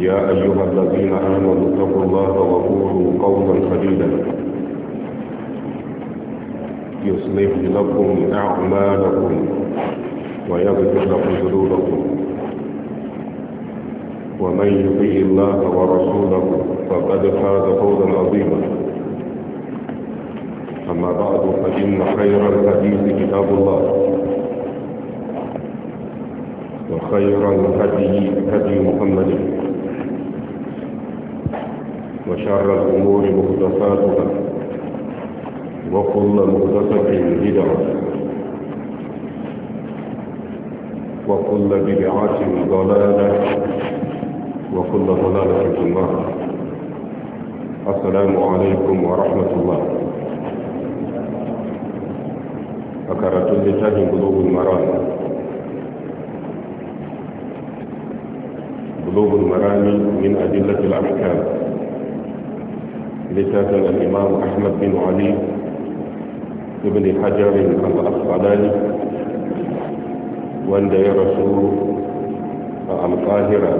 يا أيها الذين آمنوا اتقوا الله وقولوا قولا سديدا يصلح لكم أعمالكم ويغفر لكم ذنوبكم ومن يطيع الله ورسوله فقد فاز فوزا عظيما أما بعد فإن خير الحديث كتاب الله وخير الهدي هدي محمد وشر الأمور مهدفاتها وكل مهدفة بدعة وكل بدعة ضلالة وكل ضلالة في النار السلام عليكم ورحمة الله فكرة لتاه بلوغ المرام بلوغ المرام من أدلة الأحكام لتاتا الإمام أحمد بن علي ابن حجر عن الأفضلان واندى رسول عن قاهرة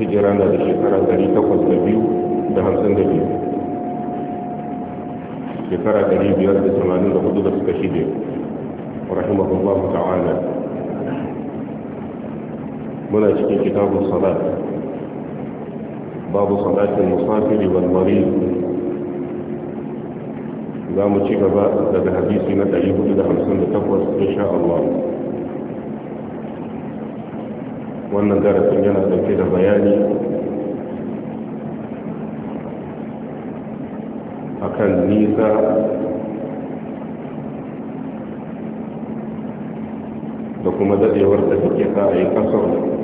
هجران لشكرة دري تقوى الزبيو دهان سندبيو شكرة دري بيارد سمانين لحدود السكشيد رحمه الله تعالى من أشكي كتاب الصلاة باب صلاة المسافر والمريض لا متشك بعد حديثنا تأيه إلى حمسان لتفوز إن شاء الله وأن دارت لنا تنكيد بياني أكان نيزا دكما دادي ورد تكيها أي قصر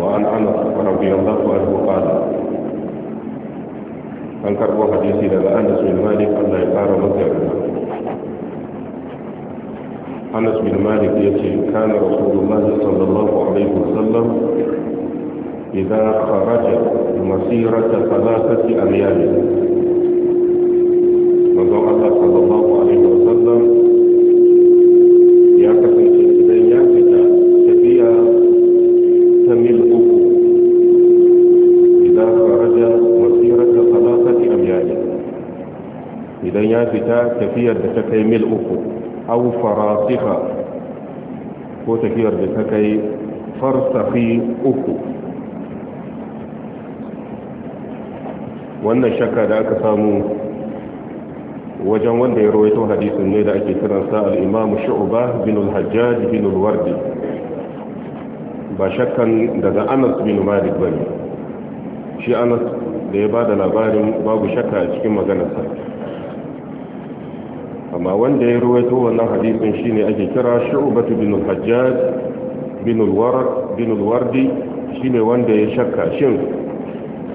وعن أنس رضي الله عنه قال an karbo hadisi daga anas bin malik allah ya fara masa yarda anas bin malik ya ce kana rasulullah sallallahu alaihi wasallam idza kharaja masirata tafiyar da ta kai mil uku au farasiha ko tafiyar da ta kai farsafi uku wannan shakka da aka samu wajen wanda ya rawaito hadisin ne da ake kiransa al-imam shu'ba bin hajjaj wardi ba shakkan daga anas bin malik bane shi anas da ya ba da labarin babu shakka a cikin maganarsa amma wanda ya ruwaito wannan hadisin shine ake kira shu'batu bin al-hajjaj bin al-warq bin al-wardi shine wanda ya shakka shin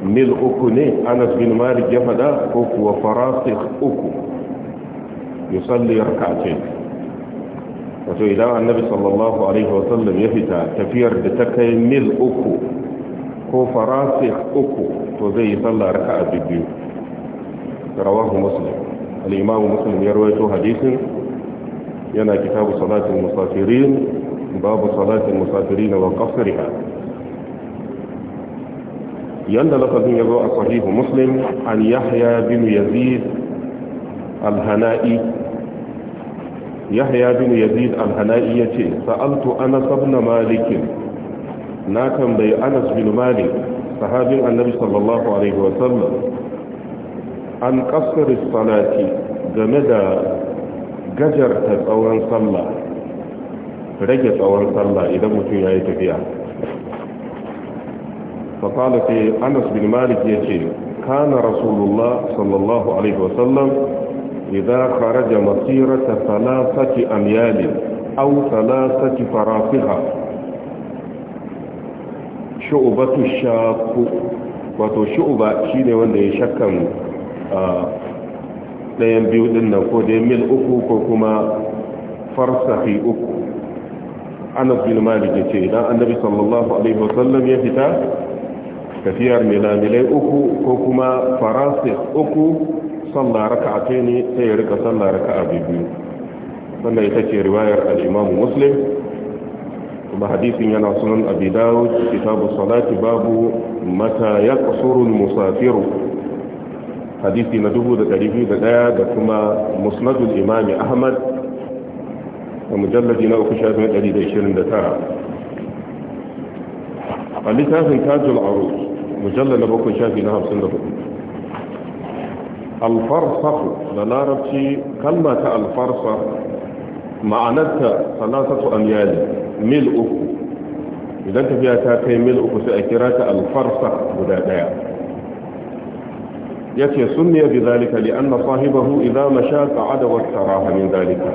mil uku ne Anas bin Malik ya faɗa ko kuwa farasikh uku yusalli rak'atayn wato idan annabi sallallahu alaihi wasallam ya fita tafiyar da ta kai mil uku ko farasikh uku to zai yi sallah raka'a biyu rawahu muslim الإمام مسلم يروي حديث ينا كتاب صلاة المسافرين باب صلاة المسافرين وقصرها يند لفظ يضاء صحيح مسلم عن يحيى بن يزيد الهنائي يحيى بن يزيد الهنائي يتي سألت أنس بن مالك ناكم بي أنس بن مالك صحابي النبي صلى الله عليه وسلم an kasar salati game da gajarta tsawon sallah rage tsawon sallah idan mutum ya yi tafiya faƙala sai anas bin malik ya ce kana rasulullah sallallahu alaihi wasallam idan kharaja masirata salasati amyali aw salasati farafiha shu'batu shaqq wato shu'ba shine wanda ya shakkan ɗayan biyu ɗin nan ko dai mil uku ko kuma farsafi uku anas bin malik ya ce idan annabi sallallahu alaihi wasallam ya fita tafiyar milamilai uku ko kuma farasif uku sallah a ce ne sai ya rika sallah a biyu wannan ita ce riwayar al'imamu imam muslim kuma hadisin yana sunan abi dawud kitabu salati babu mata yaqsuru al-musafiru hadisi na dubu da ɗari biyu da ɗaya da kuma musnadul imami ahmad da mujallaji na uku shafi na ɗari da ishirin da tara a littafin tajul aro mujallar na bakwai shafi na hamsin da hudu alfarsafu da larabci kalma ta alfarsa ma'anarta salasatu amyali mil uku idan tafiya ta kai mil uku sai a kira ta alfarsa guda ɗaya yace sunniya bi zalika li anna sahibahu idza masha qa'ada wa taraha min zalika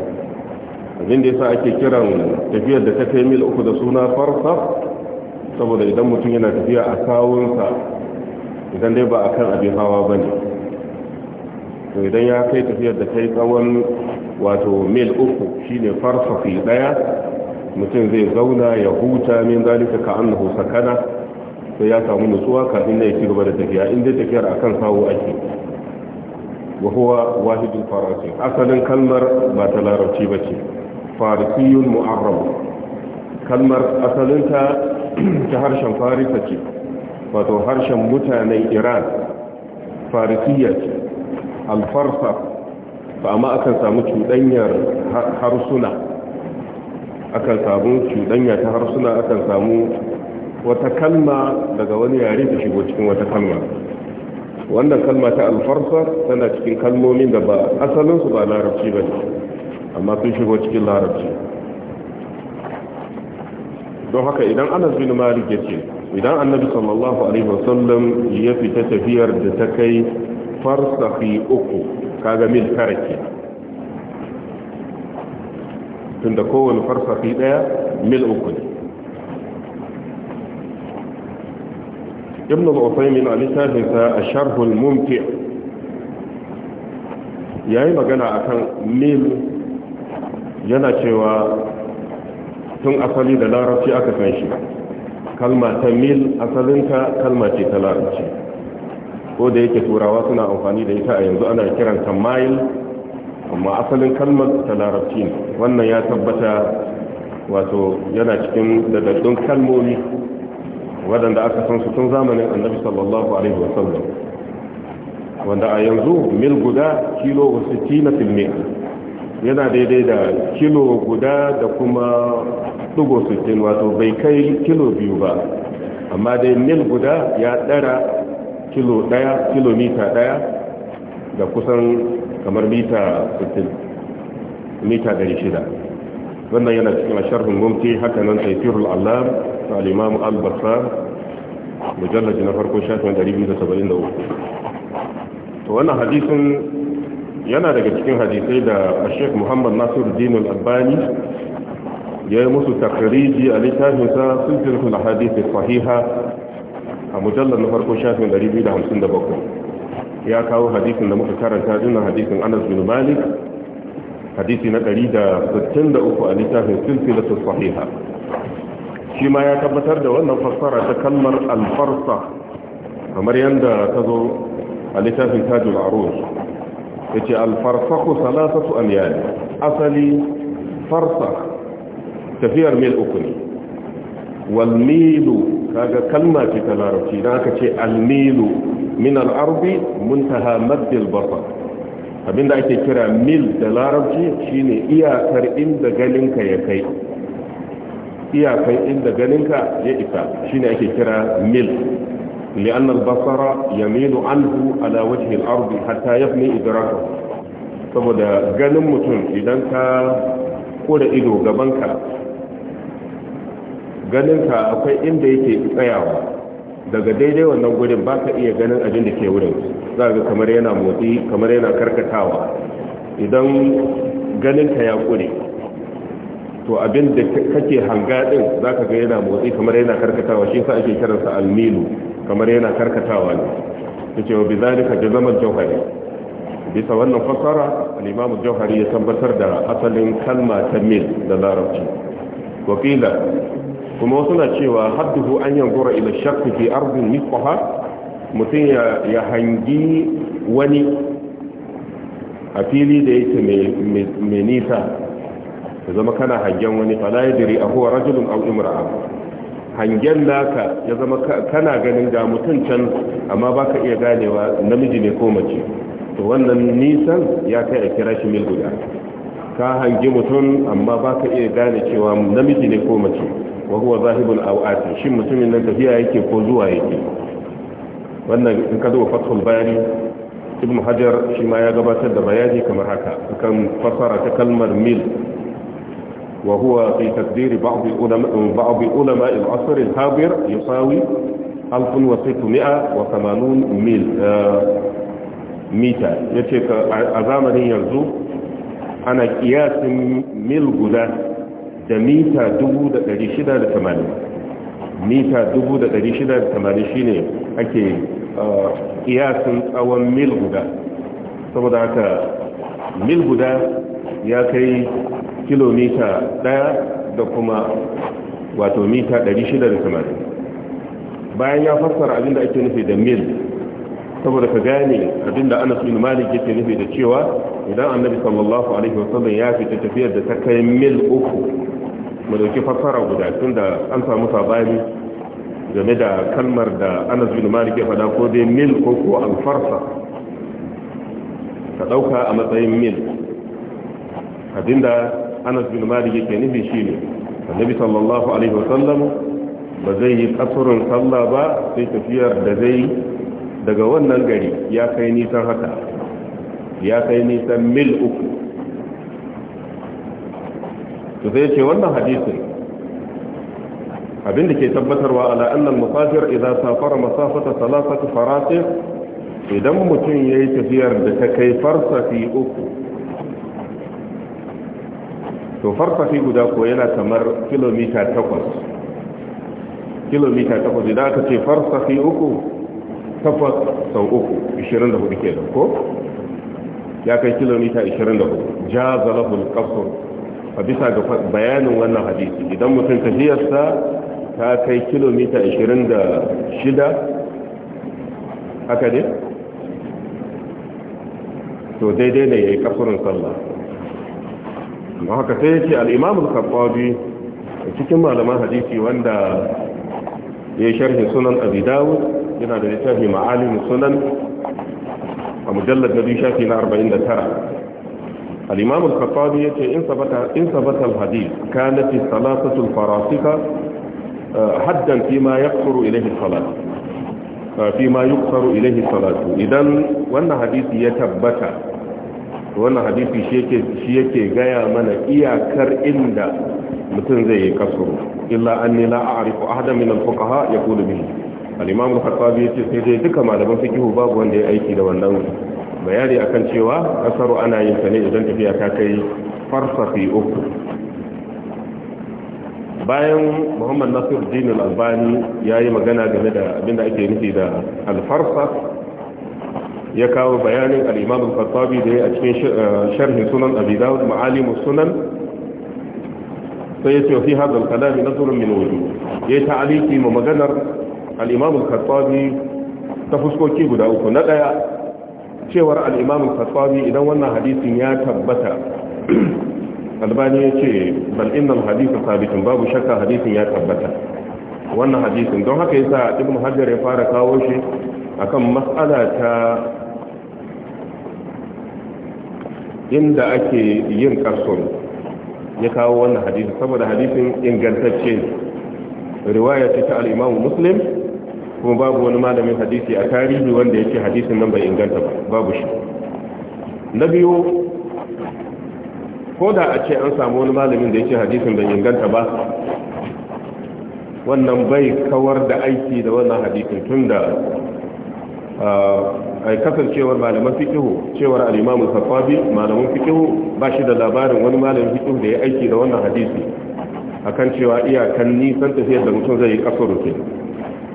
abin da yasa ake kiran tafiyar da ta kai mil uku da suna farsa saboda idan mutum yana tafiya a kawunsa idan dai ba akan abin hawa bane to idan ya kai tafiyar da kai tsawon wato mil uku shine farsa fi daya mutum zai zauna ya huta min zalika ka annahu sakana sai ya samu nutsuwa kafin na ya ci gaba da tafiya inda dai tafiyar akan sawo ake wa huwa wahidul farasi asalin kalmar ba ta larabci ba ce farisiyun mu'arram kalmar asalinta ta harshen farisa ce wato harshen mutanen iran farisiya ce alfarsa ba amma akan samu cuɗanyar harsuna akan samu cuɗanya ta harsuna akan samu wata kalma daga wani yare ta shigo cikin wata kalma wanda kalma ta alfarsa tana cikin kalmomin da ba asalinsu ba larabci ba ne amma sun shigo cikin larabci don haka idan anas bin malik ya ce idan annabi sallallahu alaihi wasallam ya fita tafiyar da ta kai farsahi uku kaga mil tara ke tunda kowane farsahi daya mil uku ne ابن al على a littafinsa a sharhul mumti ya magana akan mil yana cewa tun asali da larabci aka san shi kalma ta mil asalinta kalma ce ta larabci ko da yake turawa suna amfani da ita a yanzu ana kiranta mile amma asalin kalmar ta larabci wannan ya tabbata wato yana cikin dadaddun kalmomi waɗanda aka san su tun zamanin annabi sallallahu alaihi wa sallam wanda a yanzu mil guda kilo 60 filmi yana daidai da kilo guda da kuma dugo 60 wato bai kai kilo biyu ba amma dai mil guda ya ɗara kilo ɗaya kilomita ɗaya da kusan kamar mita 60 mita 600 wannan yana cikin sharhin mumti haka nan firul allah al'imamu albasa mujallaji na farko shafin 273 to wannan hadisun yana daga cikin hadisai da sheikh muhammad nasir dinul albani ya yi musu takariji a littafinsa sun firkula hadisai fahiha a mujallar na farko shafin 257 ya kawo hadisin da muka karanta dinnan hadisin anas bin malik hadisi na 163 a littafin silsilatul sahiha shi ma ya tabbatar da wannan fassara ta kalmar alfarsa kamar yadda ta zo a littafin tajul arus ya ce alfarsaku salasatu amyali asali farsa tafiyar mil uku ne walmilu kaga kalma ce ta larabci don aka ce almilu min al'arbi muntaha maddil basar abinda ake kira mil da larabci shine iyakar inda ganinka ya kai iyakan inda ganinka ya isa shine ake kira mil basara yamilu يميل عنه على وجه الأرض حتى يبني إدراكه saboda ganin mutum idan ka koda ido gabanka ganinka akwai inda yake tsayawa daga daidai wannan gurin ba ka iya ganin abin da ke wurin za ga kamar yana motsi kamar yana karkatawa idan ganinka ya kure to abin da kake hanga din zaka ga yana motsi kamar yana karkatawa shi yasa ake kiransa almilu kamar yana karkatawa ne yace wa bizalika al jawhari bisa wannan fasara al-imam jawhari ya tabbatar da asalin kalma ta mil da larabci wakila kuma wasu na cewa haddahu an yangura ila shakki fi ardin misqaha mutum ya hangi wani a fili da yake mai nisa ya zama kana hangen wani fala a huwa rajulun aw imra'a hangen naka ya zama kana ganin ga mutum can amma baka iya ganewa namiji ne ko mace to wannan nisan ya kai a kira shi mil guda ka hangi mutum amma baka iya gane cewa namiji ne ko mace wa huwa zahibul awati shin mutumin nan tafiya yake ko zuwa yake wannan in ka zuwa fathul bayani ibn hajar shi ma ya gabatar da bayani kamar haka kan fasara ta kalmar mil وهو في تقدير بعض العلماء بعض علماء العصر الحاضر يساوي 1680 ميل mita ya ce a zamanin yanzu ana kiyasin mil guda da mita 680 mita 680 shine ake kiyasin tsawon mil guda saboda haka mil guda ya kai kilomita ɗaya da kuma wato mita 680 bayan ya fassara abinda ake nufi da mil saboda ka gane abinda anas bin malik yake nufi da cewa idan annabi sallallahu alaihi wasallam ya fita tafiyar da ta kai mil uku mu dauki fassara guda tun da an samu sabani game da kalmar da anas bin malik ya fada ko dai mil ko ko alfarsa ka ɗauka a matsayin mil abinda anas bin malik yake nufi shine annabi sallallahu alaihi wasallam ba zai yi kasurin sallah ba sai tafiyar da zai daga wannan gari ya kai nisan haka ya kai nisan mil uku to zai ce wannan hadisin abinda ke tabbatarwa ala annal musafir idza safara masafata salasatu farasih idan mutum yayi tafiyar da ta kai farsafi uku to farfafi guda ko yana kamar kilomita takwas kilomita takwas idan aka ce farfafi uku takwas sau uku 24 ke da ko ya kai kilomita 24 ja zalahul kasur a bisa ga bayanin wannan hadisi idan mutum tafiyarsa ta kai kilomita 26 haka ne to daidai ne ya yi kafurin sallah don haka sai yake al'imamun cikin malaman hadisi wanda ya yi sharhin sunan Abidawu, yana da littafi ma'alimin sunan a mujallar na biyu shafi na 49 الإمام الخطابي يتي إن ثبت, إن ثبت الحديث كانت الثلاثة الفراسقة حدا فيما fi ma الصلاة فيما يقصر إليه idan إذن hadisi ya tabbata. wannan hadisi shi yake shi gaya mana iyakar inda mutum zai yi kasuru illa anni la a'rifu ahadan min al-fuqaha yaqulu bihi al-imam al-khattabi yace sai dai duka malaman fiqh babu wanda ya aiki da wannan bayani akan cewa kasaru ana yin sa ne idan tafiya ta kai farsafi uku bayan muhammad nasir din al-albani yayi magana game da abinda ake nufi da al ya kawo bayanin al-imam al-khattabi da ya a cikin eh, sharhin sunan abi dawud ma'alim sunan sai ya yace fi hadha al na nazarun min wujuh ya ta'aliki ma maganar al-imam ta fuskoki guda uku na ɗaya cewar al-imam idan wannan hadisin ya tabbata albani ya ce bal innal hadith sabitin babu shakka hadisin ya tabbata wannan hadisin don haka yasa ibnu hajar ya fara kawo shi akan mas'ala ta inda ake yin karson ya kawo wannan hadisi saboda hadisin ingantacce riwaya ce ta al-Imam Muslim kuma babu wani malamin hadisi a tarihi wanda yake hadisin nan bai inganta ba babu shi na biyu ko da a ce an samu wani malamin da yake hadisin bai inganta ba wannan bai kawar da aiki da wannan hadisin tunda ai kasancewar malaman fikihu cewar al-imamu safabi malamin fikihu ba shi da labarin wani malamin fikihu da ya aiki da wannan hadisi akan cewa iyakan nisan tafiyar da mutum zai yi kasar rufe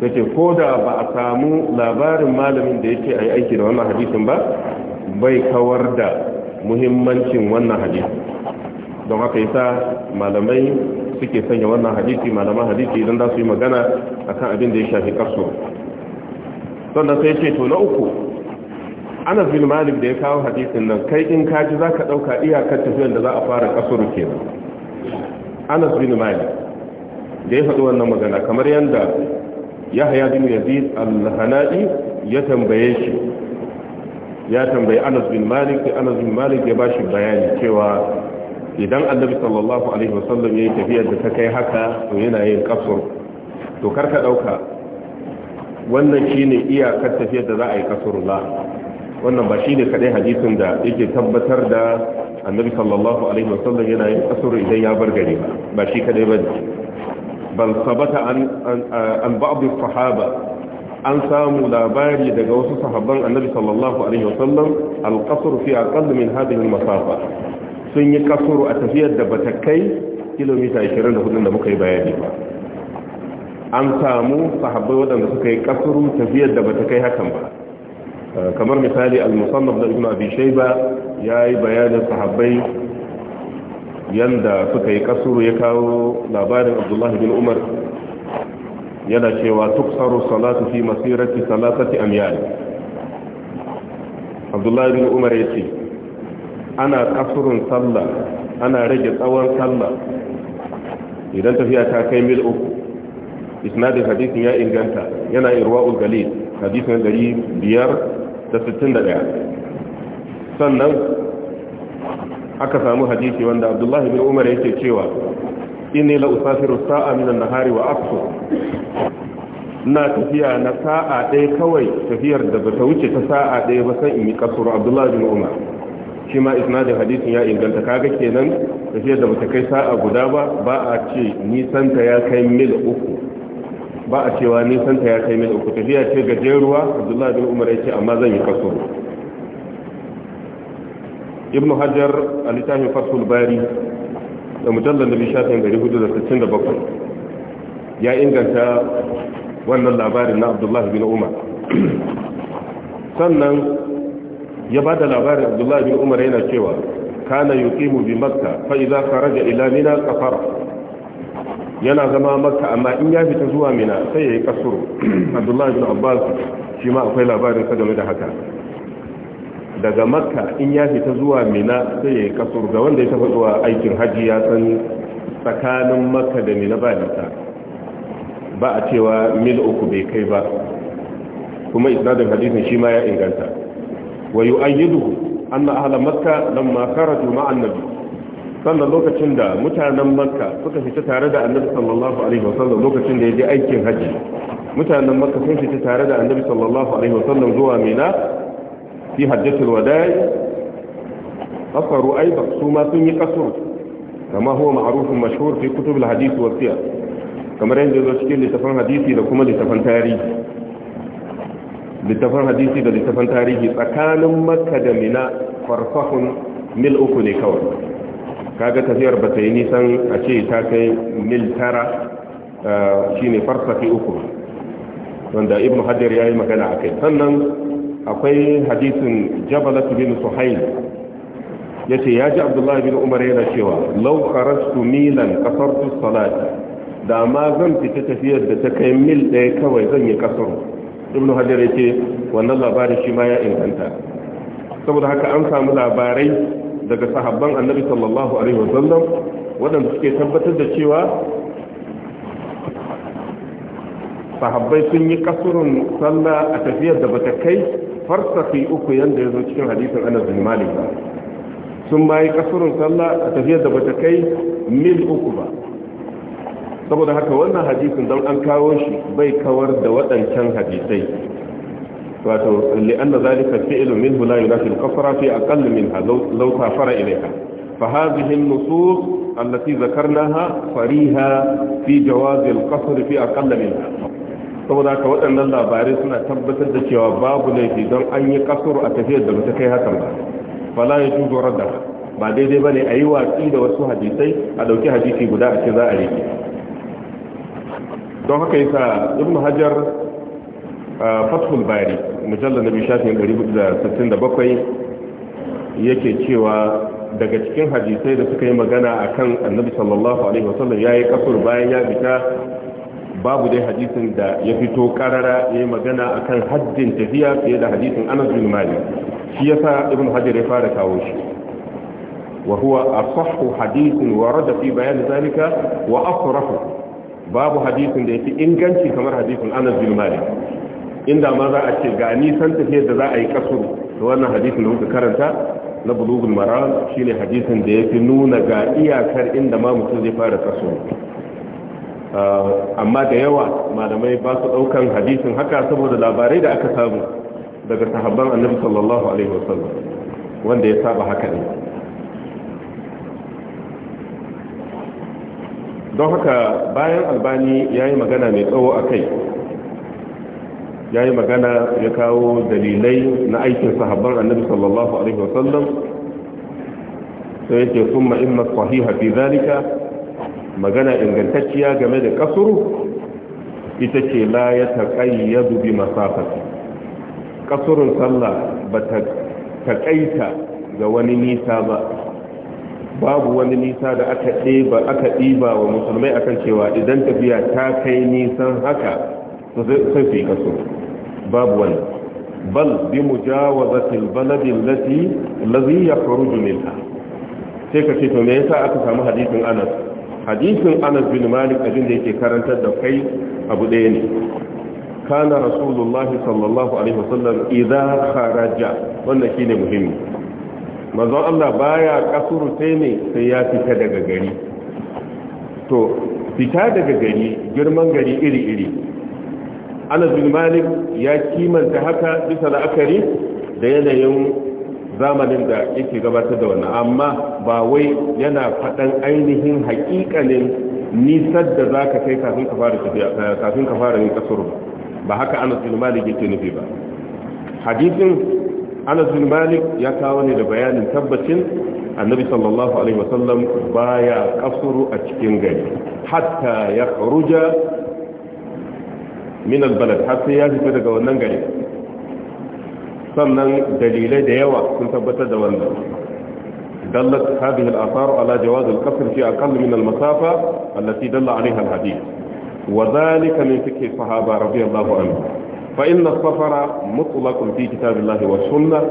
da ce ko da ba a samu labarin malamin da yake ai aiki da wannan hadisin ba bai kawar da muhimmancin wannan hadisi don haka yasa malamai suke sanya wannan hadisi malaman hadisi idan za su yi magana akan abin da ya shafi kasar sannan sai ce to na uku anas bin malik da ya kawo hadisin nan kai in kaji za ka ɗauka iyakar tafiyar da za a fara kasuru kenan anas bin malik da ya faɗi wannan magana kamar yanda yahya bin yazid al-hana'i ya tambaye shi ya tambayi anas bin malik da anas bin malik ya bashi bayani cewa idan annabi sallallahu alaihi wasallam yi tafiyar da ta kai haka to yana yin kasur to karka ɗauka. wannan shine iyakar tafiyar da za a yi kasurullah wannan ba shine kadai hadisin da yake tabbatar da annabi sallallahu alaihi wasallam yana yin kasur idan ya bar gari ba ba shi kadai ba bal sabata an an ba'd sahaba an samu labari daga wasu sahabban annabi sallallahu alaihi wasallam al-qasr fi aqall min hadhihi al-masafa sun yi kasuru a tafiyar da bata kai kilomita 24 da muka yi bayani ba an samu sahabbai waɗanda suka yi kasuru tafiyar da bata kai hakan ba eh, kamar misali al-musannaf da ibn abi shayba yayi bayanin sahabbai yadda suka yi kasuru ya kawo labarin Abdullahi bin umar yana cewa tsaro, salatu fi masirati salatati amyal Abdullahi bin umar ya ce. ana kasurun sallah ana rage tsawon sallah idan tafiya ta kai mil uku isnadin hadisin ya inganta yana irwa'ul galil hadisin dari biyar da sittin da ɗaya sannan aka samu hadisi wanda abdullahi bin umar yake cewa inni la usafiru sa'a min an-nahari wa aqsu Ina tafiya na sa'a ɗaya kawai tafiyar da ba ta wuce ta sa'a ɗaya ba sai in yi kasuru abdullahi bin umar shi ma isnadin hadisin ya inganta kaga kenan tafiyar da ba ta kai sa'a guda ba ba a ce nisanta ya kai mil uku ba a cewa nisan ta ya kai mil uku tafiya ce gajeruwa abdullahi bin umar ya ce amma zan yi kaso ibn hajar a littafin fasul bari da mujallar da bishafin 467 ya inganta wannan labarin na abdullahi bin umar sannan ya ba da labarin abdullahi bin umar yana cewa kana mu bi makka fa idza kharaja ila mina kafara yana zama maka amma in ya fita zuwa mina sai ya yi kasuru abdullahi bin abbas shi ma akwai labarin ka game da haka daga makka in ya fita zuwa mina sai ya yi kasuru ga wanda ya tafi zuwa aikin hajji ya san tsakanin makka da mina ba nisa ba a cewa mil uku bai kai ba kuma isnadin hadisin shi ma ya inganta wa yu'ayyidu anna ahla makka lamma kharaju ma'an nabi sannan lokacin da mutanen makka suka fita tare da annabi sallallahu alaihi wasallam lokacin da ya je aikin hajji mutanen makka sun fita tare da annabi sallallahu alaihi wasallam zuwa mina fi hajjatul wada'i asaru aiba su ma sun yi kasur kama huwa ma'rufun mashhur fi kutubul hadith wa siyar kamar yadda zo cikin littafin hadisi da kuma littafin tarihi littafin hadisi da littafin tarihi tsakanin makka da mina farfahun mil uku ne kawai kaga tafiyar ba ta yi nisan a ce ta kai mil tara Shi eh, shine farsafi uku wanda ibn hajar ya yi magana a kai sannan akwai hadisin jabalatu bin suhail ya ce ya ji abdullahi bin umar yana cewa lau kharastu milan kasartu salati da ma zan fita tafiyar da ta kai mil ɗaya kawai zan yi kasar ibn hajar ya ce wannan labarin shi ma ya inganta saboda haka an samu labarai daga sahabban annabi sallallahu alaihi wasallam waɗanda suke tabbatar da cewa sahabbai sun yi kasurun salla a tafiyar da bata kai farsafi uku yanda ya zo cikin hadisin anas bin malik ba sun bayi kasurun salla a tafiyar da bata kai mil uku ba saboda haka wannan hadisin don an kawo shi bai kawar da waɗancan hadisai wato li'anna zalika fi'lu minhu la yunafi kasra fi aqall minha law safara ilayha fa hadhihi an-nusus allati dhakarnaha fariha fi jawaz al-qasr fi aqall minha saboda ka waɗannan labarai suna tabbatar da cewa babu laifi don an yi kasuru a tafiyar da bata kai hakan ba fala ya juzo ba daidai ne a yi watsi da wasu hadisai a ɗauki hadisi guda a ce za a rike don haka yasa ibn hajar fathul bari mujallar na bishafin 467 yake cewa daga cikin hadisai da suka yi magana a kan annabi sallallahu alaihi wasallam ya yi kasur bayan ya fita babu dai hadisin da ya fito karara ya yi magana a kan haddin tafiya fiye da hadisin anas bin shi ya sa ibn hajar ya fara kawo shi wa huwa asahhu hadisin warada fi bayan zalika wa asrahu babu hadisin da fi inganci kamar hadisin anas bin inda ma za a ce ga nisan tafiyar da za a yi kasuru da wannan hadisin da muka karanta na bulugul maram shine hadisin da ya fi nuna ga iyakar inda ma mutum zai fara kasuru ah, amma da yawa malamai ba su daukan hadisin haka saboda labarai da aka samu daga sahabban annabi sallallahu alaihi wasallam wanda ya saba haka ne don haka bayan albani ya yi magana mai tsawo a kai ya yi magana ya kawo dalilai na aikin sahabban annabi sallallahu alaihi wasallam sai yake kuma imma sahiha fi zalika magana ingantacciya game da kasuru ita ce la ya ya bi masafati kasurun sallah ba ta taƙaita ga wani nisa ba babu wani nisa da aka ɗeba aka ɗiba wa musulmai akan cewa idan tafiya ta kai nisan haka sai su kasuru babu wani bal bi mujawazatil baladi allati allazi yakhruju minha sai ka ce to me yasa aka samu hadisin Anas hadisin Anas bin Malik abin da yake karantar da kai abu ɗaya ne kana rasulullahi sallallahu alaihi wasallam idza kharaja wannan shine muhimmi manzon Allah baya kasuru sai ne sai ya fita daga gari to fita daga gari girman gari iri-iri anas bin malik ya kimanta haka bisa la'akari da yanayin zamanin da yake gabatar da wannan amma ba wai yana faɗan ainihin haƙiƙanin nisar da za ka kai kafin ka fara yin kasuru ba haka anas bin malik yake nufi ba hadisin anas bin malik ya kawo ne da bayanin tabbacin annabi sallallahu alaihi wasallam baya kasuru a cikin gari hatta ya ruja min albalad har sai ya fita daga wannan gari sannan dalilai da yawa sun tabbatar da wannan dallat hadhihi al-athar ala jawaz al-qasr fi aqall min al-masafa allati dalla alayha al-hadith wa dhalika min fiqh sahaba radiyallahu anhu fa inna as-safara mutlaqun fi kitabillahi wa sunnah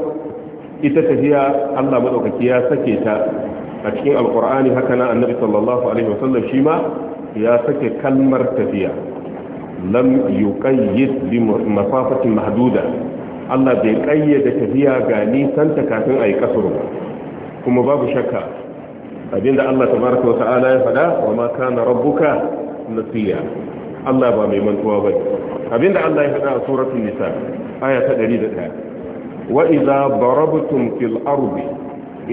ita tafiya Allah madaukaki ya sake ta a cikin alqur'ani haka na annabi sallallahu alaihi wasallam shi ma ya sake kalmar tafiya lam yuqayyid bi masafatin mahduda Allah bai kayyade tafiya ga nisan ta kafin ayi kasuru kuma babu shakka abinda Allah tabaraka wata'ala ya fada wa ma kana rabbuka nasiya Allah ba mai mantuwa bane abinda Allah ya fada a suratul nisa aya ta 101 wa idza darabtum fil ardi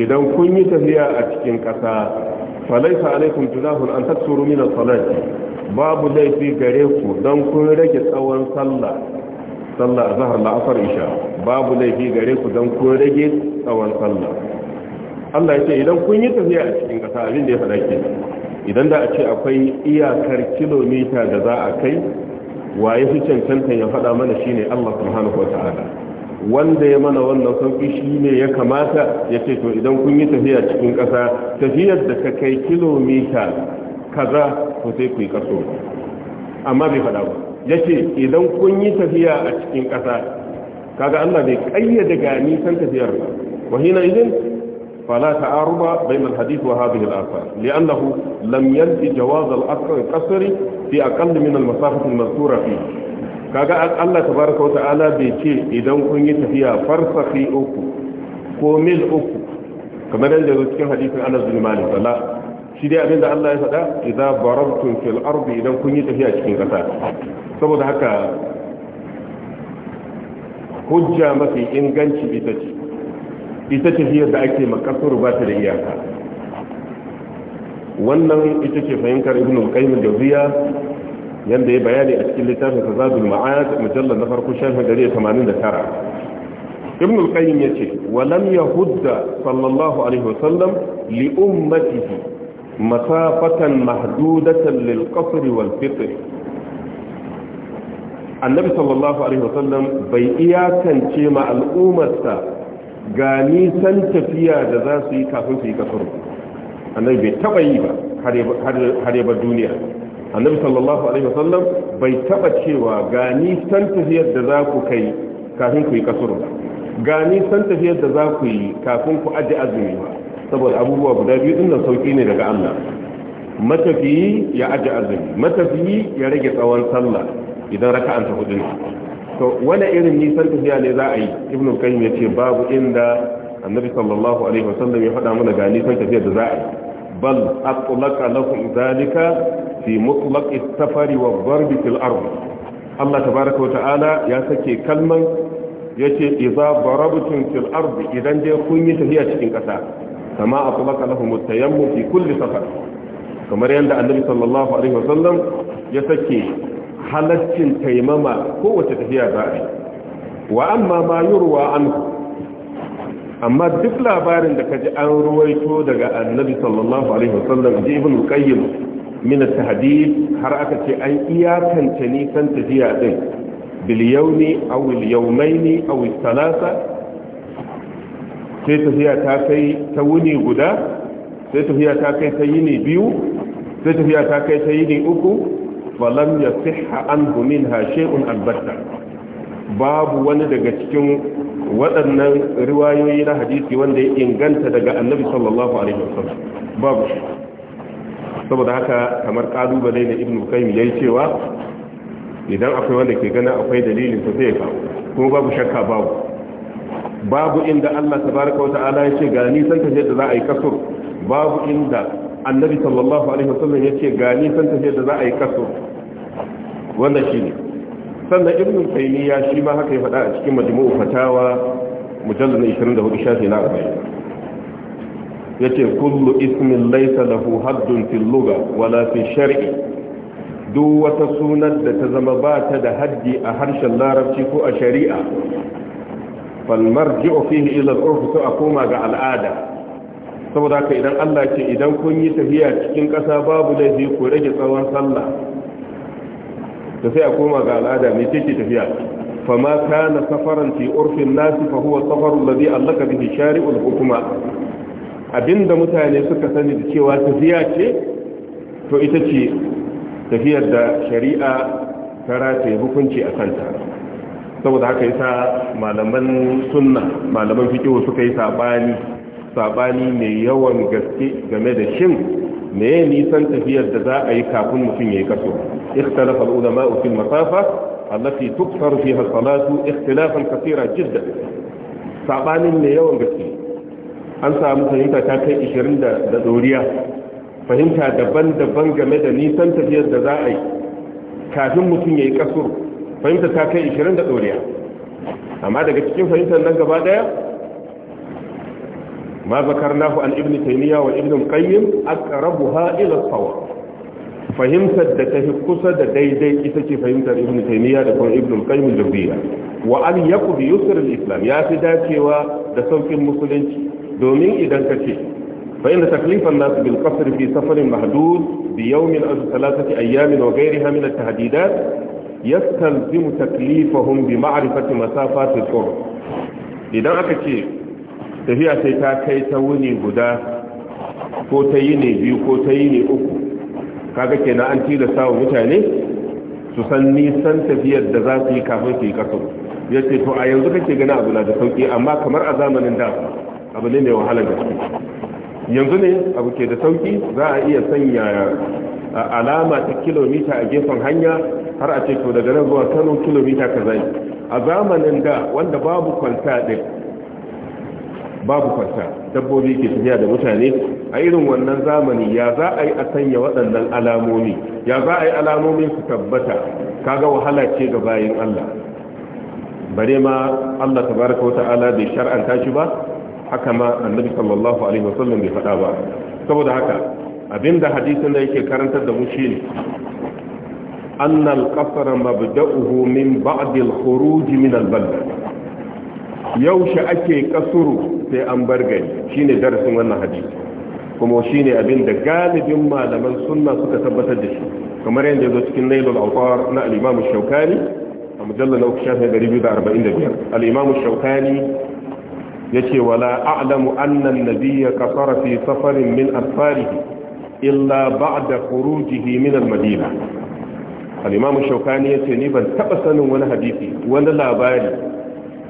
idan kun yi tafiya a cikin kasa falaysa alaykum junahun an taksuru min as-salati babu laifi gare ku don kun rage tsawon sallah sallah zahar la'asar isha babu laifi gare ku don kun rage tsawon sallah Allah ya ce idan kun yi tafiya a cikin kasa abin da ya faɗa ke idan da a ce akwai iyakar kilomita da za a kai waye fi cancanta ya faɗa mana shine Allah subhanahu wa ta'ala wanda ya mana wannan sauki shine ya kamata ya ce to idan kun yi tafiya cikin ƙasa tafiyar da ka kai kilomita kaza to sai ku yi kaso amma bai faɗa ba yace idan kun yi tafiya a cikin ƙasa kaga Allah bai ƙayyade ga nisan tafiyar ba wa hina idin fala ta'aruba bayna al-hadith wa hadhihi al-athar li'annahu lam yalti jawaz al-athar al-qasri fi aqall min al-masafah al-mazkura fi kaga Allah tabaaraka wa ta'ala bai ce idan kun yi tafiya farsakhi uku ko mil uku kamar yadda cikin hadisin Anas bin Malik bala shi dai abinda Allah ya faɗa idza barabtum fil ardi idan kun yi tafiya cikin ƙasa saboda haka hujja mafi inganci ita ce ita da ake makasar ba ta da iyaka wannan ita ce fahimtar ibn al-qayyim al-jawziya yanda ya bayani a cikin littafin Zadul Ma'ad mujallal na farko shafin 189 Ibn al-Qayyim yace wa lam yahudda sallallahu alaihi sallam li ummatihi masafatan mahdudatan lil qasr wal fitr annabi sallallahu alaihi wasallam bai iyakance ma al'ummarsa ga nisan tafiya da za su yi kafin su yi kasar annabi bai taba yi ba har yaba duniya annabi sallallahu alaihi wasallam bai taba cewa ga nisan tafiyar da za ku kafin ku yi tafiyar da za ku yi kafin ku azumi ba saboda abubuwa guda biyu din nan sauki ne daga Allah matafiyi ya aje azumi matafiyi ya rage tsawon sallah idan raka'an ta hudu to wani irin nisan tafiya ne za a yi ibnu qayyim ya ce babu inda annabi sallallahu alaihi wasallam ya faɗa mana ga nisan tafiya da za a yi bal atlaqa lakum zalika fi mutlaq as wa ad-darb fil ard Allah tabaaraka wa ta'ala ya sake kalman yace idza darabtum fil ard idan dai kun yi tafiya cikin ƙasa kama atlaka lahum at-tayammum fi kulli safar kamar yadda annabi sallallahu alaihi wasallam ya sake halaccin taimama kowace tafiya za a yi wa amma ma yurwa anhu amma duk labarin da kaji an ruwaito daga annabi sallallahu alaihi wasallam ji ibn al-qayyim min at-tahdid har aka ce an iyakance nisan tafiya din bil yawmi aw al yawmayn aw al thalatha sai tafiya ta kai ta wuni guda sai tafiya ta kai ta yini biyu sai tafiya ta kai ta yini uku falam ya siha an gumin hashe'un albarta. babu wani daga cikin waɗannan riwayoyi na hadisi wanda ya inganta daga annabi sallallahu alaihi wasallam babu saboda haka kamar kalubale na ibnu ya yayi cewa idan akwai wanda ke gana akwai dalilin sa sai kawo kuma babu shakka babu babu inda Allah tabaraka wa ta'ala ya ce ga nisan tafiya da za a yi kasur babu inda annabi sallallahu alaihi wasallam ya ce gani san tafiya da za a yi kasur wannan shine sannan ibn taymiya shi ma haka ya faɗa a cikin majmu'u fatawa mujallad 24 shafi na 40 yace kullu ismin laysa lahu haddun fil lugha wala fi shar'i duk wata sunan da ta zama ba ta da haddi a harshen larabci ko a shari'a falmarji'u fihi ila al a koma ga al'ada saboda haka idan Allah ce idan kun yi tafiya cikin ƙasa babu laifi ko rage tsawon sallah to sai a koma ga al'ada me ce tafiya فما كان سفرا في عرف الناس فهو السفر Allah علق Shari'u al hukuma abinda mutane suka sani da cewa tafiya ce to ita ce tafiyar da shari'a ta rataye hukunci a kanta saboda haka yasa malaman sunna malaman fiqh suka yi sabani sabani mai yawan gaske game da shin me nisan tafiyar da za a yi kafin mutum yayi kaso ikhtalafa al-ulama fi masafa allati tukthar fiha as-salatu ikhtilafan kaseera jiddan sabanin mai yawan gaske an samu fahimta ta kai 20 da doriya fahimta daban-daban game da nisan tafiyar da za a yi kafin mutum yayi kaso fahimta ta kai 20 da ɗoriya amma daga cikin fahimtar nan gaba ɗaya ma zakarnahu an ibn taimiyya wa ibn qayyim ha ila sawa fahimtar da ta fi kusa da daidai ita ce fahimtar ibn taimiyya da kuma ibn qayyim jawziya wa an Yaqub bi yusr al-islam ya fi dacewa da saukin musulunci domin idan ka ce fa inna taklifa an-nas bil qasr fi safarin mahdud bi yawmin aw thalathati ayyamin wa ghayriha min at-tahdidat yastalzimu taklifahum bi ma'rifati masafati tur idan aka ce tafiya sai ta kai ta wuni guda ko ta yi ne biyu ko ta yi ne uku kaga kenan an tilasta wa mutane su san nisan tafiyar da za su yi kafin su yi kaso ya ce to a yanzu kake gani abu na da sauki amma kamar a zamanin da abu ne mai wahalar gaske yanzu ne abu ke da sauki za a iya sanya alama ta kilomita a gefen hanya har a ceto daga nan zuwa kano kilomita ka zai a zamanin da wanda babu kwanta ɗin babu kwanta dabbobi ke tafiya da mutane a irin wannan zamani ya za a yi a sanya waɗannan alamomi ya za a yi alamomi su tabbata kaga wahala ce ga bayan allah bare ma allah tabaraka wata'ala bai shar'anta shi ba haka ma annabi sallallahu alaihi wasallam bai faɗa ba saboda haka abinda hadisin na yake karantar da mu shine annal qasara mabda'uhu min ba'd al min al-balad yaushe ake kasuru sai an bar gari shine darasin wannan hadisi kuma shine abinda galibin malaman sunna suka tabbatar da shi kamar yadda zo cikin nailul awqar na al-imam ash-shawkani a mujallal na shafi 245 al-imam ash-shawkani yace wala a'lamu anna an-nabiyya qasara fi safarin min al-farihi illa ba'da khurujihi min al-madina al-imam shaukani yace ni ban taba sanin wani hadisi wani labari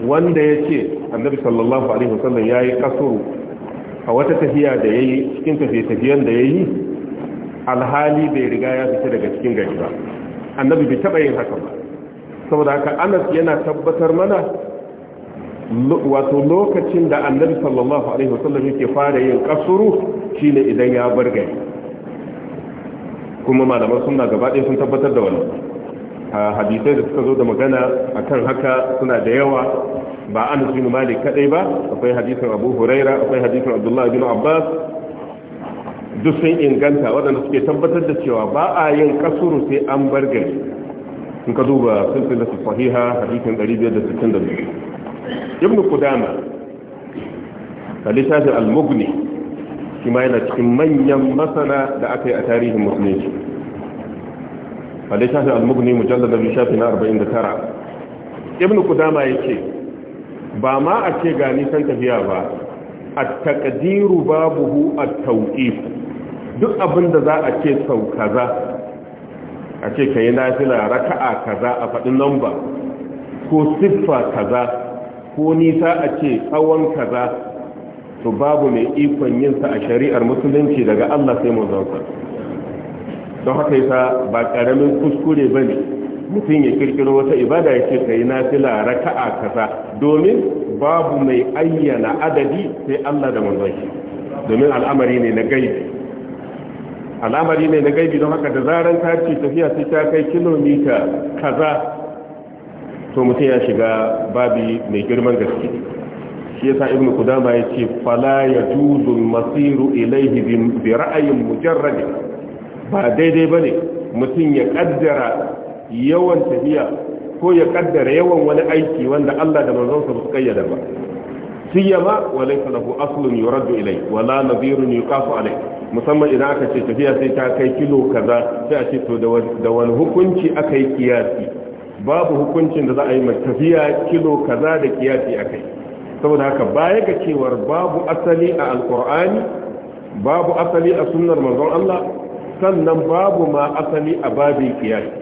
wanda yace annabi sallallahu alaihi wasallam yayi kasuru a wata tafiya da yayi cikin tafiye-tafiyen da yayi alhali bai riga ya fita daga cikin gari ba annabi bai taba yin haka ba saboda haka Anas yana tabbatar mana wato lokacin da annabi sallallahu alaihi wasallam yake fara yin kasuru shine idan ya bar gari kuma malamar sunna gaba ɗaya sun tabbatar da wannan hadisai da suka zo da magana akan haka suna da yawa ba anas bin malik kaɗai ba akwai hadisin abu huraira akwai hadisin abdullahi bin abbas duk sun inganta waɗanda suke tabbatar da cewa ba a yin kasuru sai an bar gari in ka duba silsilar sahiha hadisin 562 ibn Kudama, da littafin al-mughni shi ma yana cikin manyan masana da aka yi a tarihin musulunci a dai shafi al-mughni mujallar da shafi na 49 kudama ya ce. ba ma a ce ga nisan tafiya ba a takadiru babu hu a tauki. duk abin da za a ce sau kaza a ce ka yi nafila raka'a kaza a faɗin namba ko siffa kaza ko nisa a ce tsawon kaza to babu mai ikon yinsa a shari'ar musulunci daga Allah sai mazauta don haka yasa ba karamin kuskure ba ne mutum ya kirkiro wata ibada ya ce kai na fila raka'a kaza domin babu mai ayyana adadi sai Allah da mazauta domin al'amari ne na gaibi al'amari ne na gaibi don haka da zaran ta ce tafiya sai ta kai kilomita kaza to mutum ya shiga babi mai girman gaske shi yasa ibnu kudama yace fala yajuzu al-masiru ilayhi bi ra'ayin mujarrad ba daidai bane mutum ya kaddara yawan tafiya ko ya kaddara yawan wani aiki wanda Allah da manzon sa su kayyada ba siyama wa laysa lahu aslun yuraddu ilayhi wa la nadhirun yuqafu alayhi musamman idan aka ce tafiya sai ta kai kilo kaza sai a ce to da wani hukunci aka yi kiyasi babu hukuncin da za a yi mai tafiya kilo kaza da kiyasi akai saboda haka baya ga cewar babu asali a alkur'ani babu asali a sunnar manzon Allah sannan babu ma asali a babin kiyasi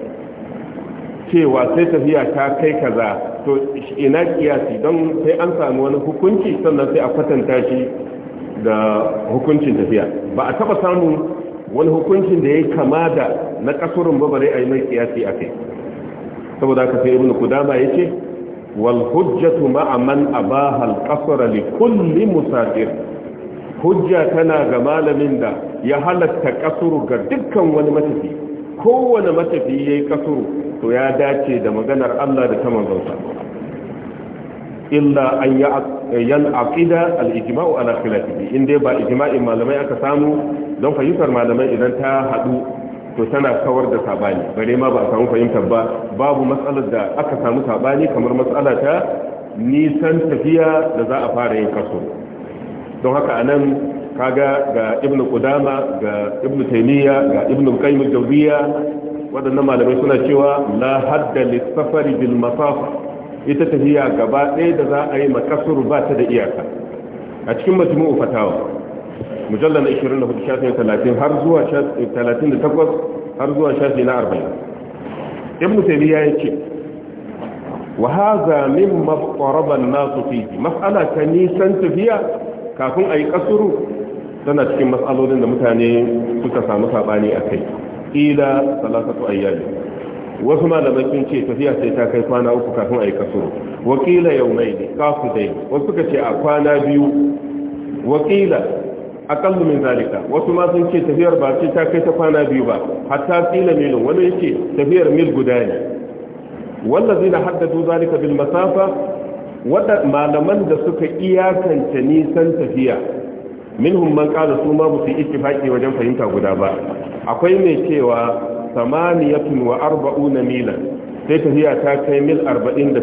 cewa sai tafiya ta kai kaza to ina kiyasi don sai an samu wani hukunci sannan sai a kwatanta shi da hukuncin tafiya ba a taba samun wani hukuncin da ya kama da na kasurin babare a yi mai kiyasi a kai saboda haka sai ibn kudama ya ce والحجة مع من أباها القصر kulli musafir. hujja tana ga malamin da ya halatta ƙasuru ga dukkan wani matafi kowane matafi ya yi ƙasuru to ya dace da maganar Allah da ta manzansa illa an yan aqida al-ijma'u ala khilafihi in dai ba ijma'in malamai aka samu don fahimtar malamai idan ta haɗu. to tana kawar da sabani bare ma ba a samu fahimtar ba babu matsalar da aka samu sabani kamar matsala ta nisan tafiya da za a fara yin kaso don haka a nan kaga ga ibn qudama ga ibn taymiya ga ibn qayyim al-jawziyya wadannan malamai suna cewa la hadda lis bil masaf ita tafiya gaba ɗaya da za a yi makasur ba ta da iyaka a cikin majmu'u fatawa mujalla na 24 shafi 30 har zuwa shafi 38 eh, har zuwa shafi na 40 ibn taymiya yace wa hadha mimma qaraba an-nas fihi mas'ala ta nisan tafiya kafin ayi kasuru tana cikin mas'alolin da mutane suka samu sabani akai ila salatatu ayyami wasu malamai sun ce tafiya sai ta kai kwana uku kafin ayi kasuru wakila yawmai ne kafu dai wasu suka ce a kwana biyu wakila aqallu min zalika wasu ma sun ce tafiyar ba ce ta kai ta kwana biyu ba hatta tsila mil wani yake tafiyar mil guda ne wallazina haddadu zalika bil masafa wadda malaman da suka iyakance nisan tafiya minhum man qala su ma busu ittifaqi wajen fahimta guda ba akwai mai cewa samaniyatun wa arba'una milan sai tafiya ta kai mil 48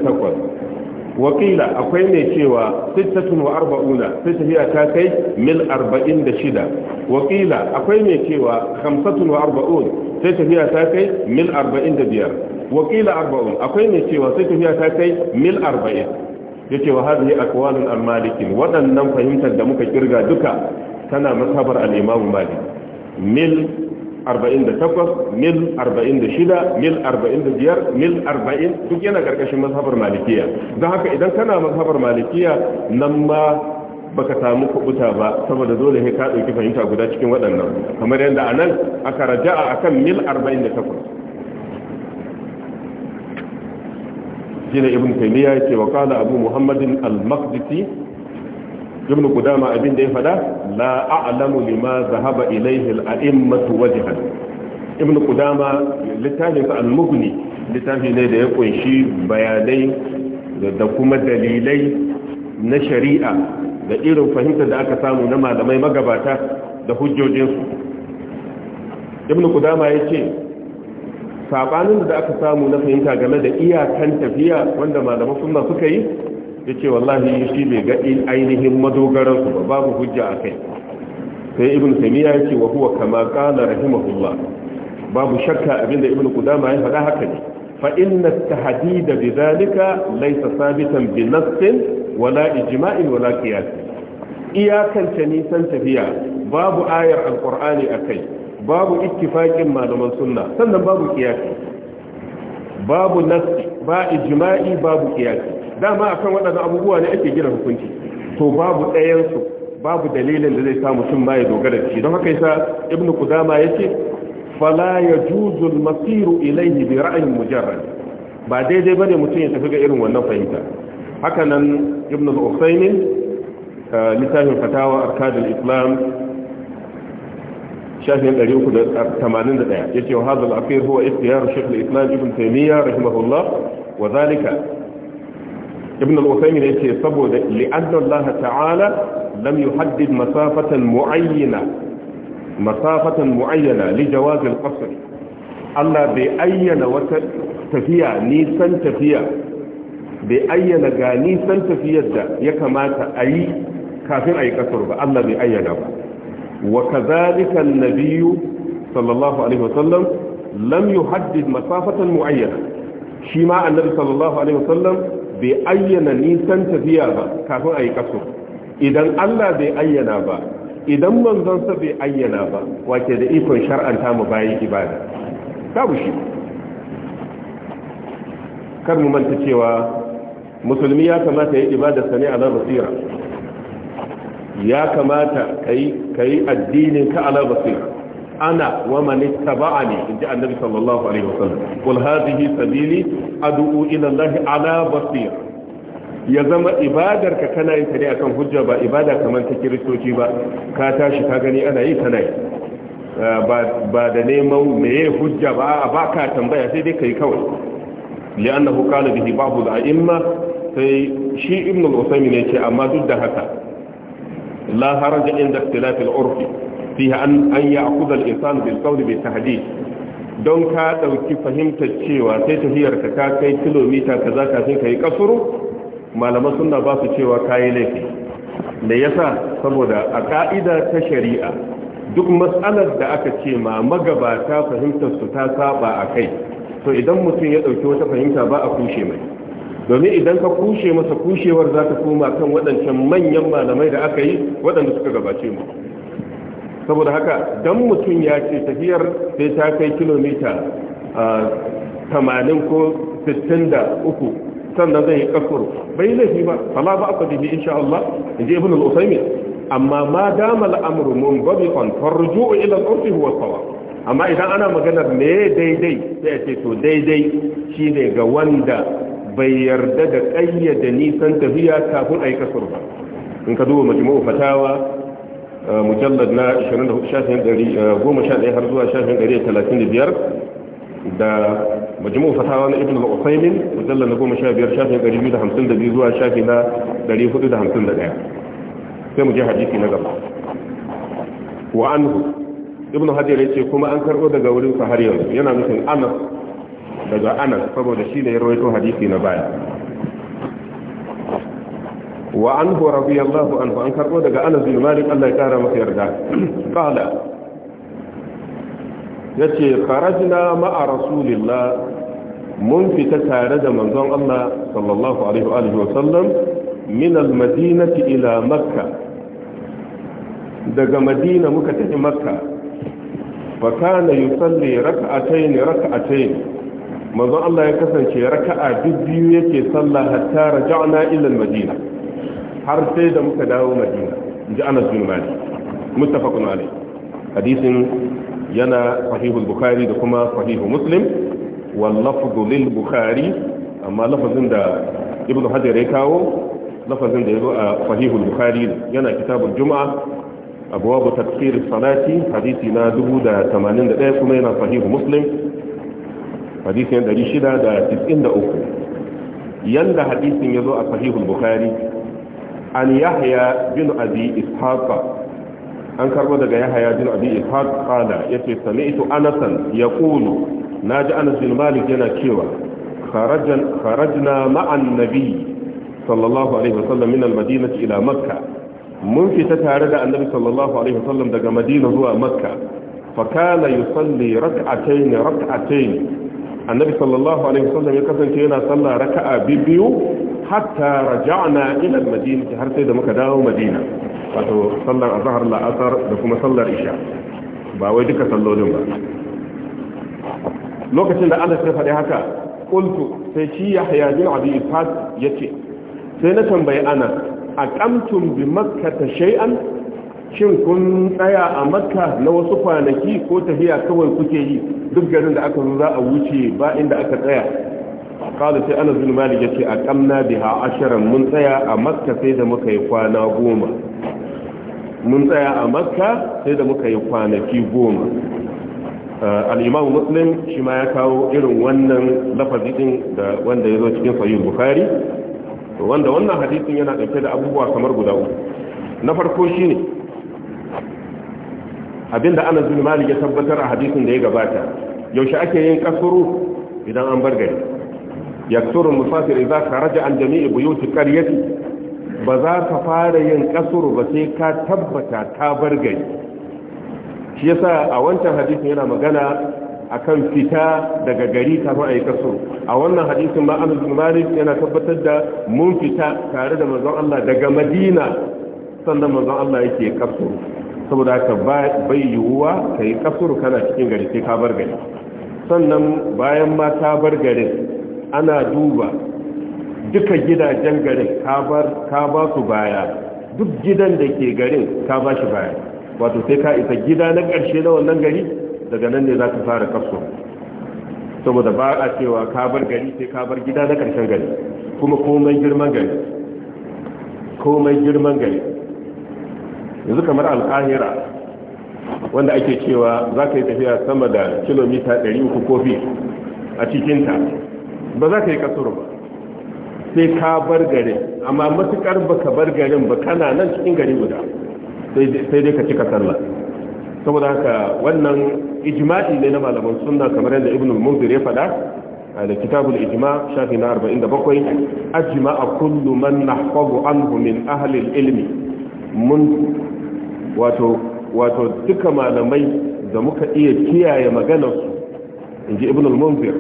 wakila akwai mai cewa sittatun wa arba'una sai tafiya ta kai mil arba'in da shida wakila akwai mai cewa hamsatun wa arba'un sai tafiya ta kai mil arba'in da biyar wakila arba'un akwai mai cewa sai tafiya ta kai mil arba'in ya ce wa hadhihi a al almalikin. waɗannan fahimtar da muka kirga duka tana matabar al imam malik mil 48 mil 46 mil 45 mil 40 duk yana karkashin mazhabar malikiya don haka idan kana mazhabar malikiya nan ma baka samu kubuta ba saboda dole ne ka dauki fahimta guda cikin waɗannan kamar yadda anan aka raja'a akan mil 48 jina ibn taymiya yake wa qala abu muhammadin al-maqdisi ibn qudama abin da ya fada la a'lamu lima zahaba ilayhi al-a'immatu wajhan ibn qudama littafin sa al-mughni littafi ne da ya kunshi bayanai da kuma dalilai na shari'a da irin fahimtar da aka samu na malamai magabata da hujjojinsu ibn qudama yace sabanin da aka samu na fahimta game da iyakan tafiya wanda malaman sunna suka yi ya ce wallahi shi bai ga ainihin madogararsu ba babu hujja a kai sai ibn taymiya ya ce wa huwa kama qala rahimahullah babu shakka abinda ibn qudama ya faɗa haka ne fa inna tahdid bi zalika laysa sabitan bi nassin wala ijma'in wala qiyas iyakanta nisan tafiya babu ayar alqur'ani akai babu ittifaqin malaman sunna sannan babu qiyas babu nass ba ijma'i babu qiyas dama akan waɗannan abubuwa ne ake gina hukunci to babu ɗayansu babu dalilin da zai sa mutum ma ya dogara da shi don haka yasa ibnu kudama yace fala yajuzu al-masiru ilayhi bi ra'yin mujarrad ba daidai bane mutum ya tafi ga irin wannan fahimta haka nan ibnu al-usaymin eh, littafin fatawa arkadul islam شافين أليوك تمانين دقيقة يتي وهذا الأخير هو اختيار شيخ islam ابن تيمية رحمه الله وذلك ibn al-usaymin yace saboda li'anna Allah ta'ala lam yuhaddid masafatan muayyana masafatan muayyana li jawaz al-qasr Allah bai ayyana wata tafiya nisan tafiya bai ayyana ga nisan tafiyar da ya kamata a yi kafin a yi kasar ba Allah bai ayyana ba wa kazalika annabiyyu sallallahu alaihi wasallam lam yuhaddid masafatan muayyana shi ma annabi sallallahu alaihi wasallam bai ayyana nisan tafiya ba kafin a yi kaso idan Allah bai ayyana ba idan manzansa bai ayyana ba wake da ikon shar'anta mu bayan ibada babu shi kar mu manta cewa musulmi ya kamata ya ibada sani ala basira ya kamata ka yi addinin ka ala basira ana wa man ne. inji annabi sallallahu alaihi wasallam qul hadhihi sabili ad'u ila allahi ala basir ya zama ibadar ka kana yin ta ne akan hujja ba ibada kamar ta kiristoci ba ka tashi ka gani ana yi kana yi ba da neman meye hujja ba ba ka tambaya sai dai kai kawai li'annahu qala bihi ba'd al-a'imma sai shi ibn al-usaymin yace amma duk da haka la haraja inda ikhtilaf al-urfi fiha an an ya'khudha al-insan bil bai bi tahdid don ka ɗauki fahimtar cewa sai tafiyar ka ka kai kilomita kaza kafin yi kasuru malaman suna ba su cewa yi laifi me yasa saboda a ka'ida ta shari'a duk matsalar da aka ce ma magabata fahimtar su ta saba a kai to idan mutum ya ɗauki wata fahimta ba a kushe mai domin idan ka kushe masa kushewar za ka koma kan waɗancan manyan malamai da aka yi waɗanda suka gabace mu saboda haka dan mutum ya ce tafiyar sai ta kai kilomita tamanin ko sittin da uku sannan zai yi kafur bai laifi ba fala ba aka bibi insha Allah in ji ibn al-usaymi amma ma dama al'amru mun gabi on farju'u ila al-urfi huwa sawa amma idan ana maganar me daidai sai a ce to daidai shine ga wanda bai yarda da kayyade nisan tafiya kafin ayi kasur ba in ka duba majmu'u fatawa mujallad na 24 eh, har zuwa 35 da majmu'u fatawa na ibn al-usaymin mujallad na 15 shafin 252 zuwa shafi na 451 sai mu je hadisi na gaba wa anhu ibn hajar yace kuma an karbo daga wurin sa yanzu yana nufin anas daga anas saboda shi ne ya rawaito hadisi na baya wa an anhu radiyallahu yallahu an karbo daga Anas bin Allah ya kara masa yarda qala yace kharajna ma'a rasulillah mun fita tare da manzon Allah sallallahu alaihi wa alihi wa sallam min al-madinati ila makka daga madina muka tafi makka fa kana yusalli rak'atayn rak'atayn manzon Allah ya kasance raka'a biyu yake sallah hatta raja'na ila al-madina har sai da muka dawo madina in ji anas bin malik muttafaqun alayh hadisin yana sahihul bukhari da kuma sahihu muslim wal lafzu lil bukhari amma lafazin da ibn hajar ya kawo lafazin da yazo a sahihul bukhari yana kitabul juma'a abwabu tafsir salati hadisi na 1081 kuma yana sahihu muslim hadisi na 693 yanda hadisin yazo a sahihul bukhari an yahya bin abi ishaqa an karbo daga yahya bin abi ishaq qala yace sami'tu anasan yaqulu naji anas bin malik yana cewa kharajan kharajna ma'an nabi sallallahu alaihi wasallam min al-madinati ila makka mun fita tare da annabi sallallahu alaihi wasallam daga madina zuwa makka fa kana yusalli rak'atayn rak'atayn annabi sallallahu alaihi wasallam ya kasance yana sallah raka'a biyu hatta raja'na ila al-madinati har sai da muka dawo madina wato sallar azhar la'asar da kuma sallar isha ba wai duka sallolin ba lokacin da Anas ya faɗi haka qultu sai shi Yahya bin Abi Ishaq yace sai na tambayi Anas aqamtum bi makkah shay'an shin kun tsaya a makka na wasu kwanaki ko tafiya kawai kuke yi duk garin da aka zo za a wuce ba inda aka tsaya kala sai anas malik yace a makka sai da muka yi kwana goma mun tsaya a makka sai da muka yi kwanaki goma eh, al-imam muslim ma ya kawo irin wannan lafazi da wanda yazo cikin sahih bukhari wanda wannan hadisin yana dauke da abubuwa kamar guda uku na farko shine abinda Anas Malik ya tabbatar a hadisin da ya gabata yaushe ake yin kakuru idan an bar gari yaksuru musafir idza kharaja an jami'i buyuti qaryati ba za ka fara yin kasuru ba sai ka tabbata ka bar gari shi yasa a wancan hadisin yana magana akan fita daga gari kafin a yi kasuru a wannan hadisin ma Anas bin yana tabbatar da mun fita tare da manzon Allah daga Madina sannan manzon Allah yake kasuru saboda haka bai yiwuwa ka yi kasuru kana cikin gari sai ka bar gari sannan bayan ma ta bar garin ana duba duka gidajen garin ka ba su baya duk gidan da ke garin ka ba shi baya wato sai ka isa gida na ƙarshe na wannan gari daga nan ne za ka fara kafso saboda ba a cewa ka bar gari sai ka bar gida na ƙarshen gari kuma komai girman gari komai girman gari yanzu kamar alƙahira wanda ake cewa za ka yi tafiya sama da kilomita 300 kofi a cikinta ba za ka yi kasuru ba sai ka bar gari. amma matukar ba ka bar garin ba kana nan cikin gari guda sai dai ka cika sallah saboda haka wannan ijma'i ne na malaman sunna kamar yadda ibn al-munzir ya faɗa da kitabul ijma shafi na ajima a kullu man nahfazu anhu min ahli ilmi mun wato duka malamai da muka iya kiyaye maganar su inji ibn al-munzir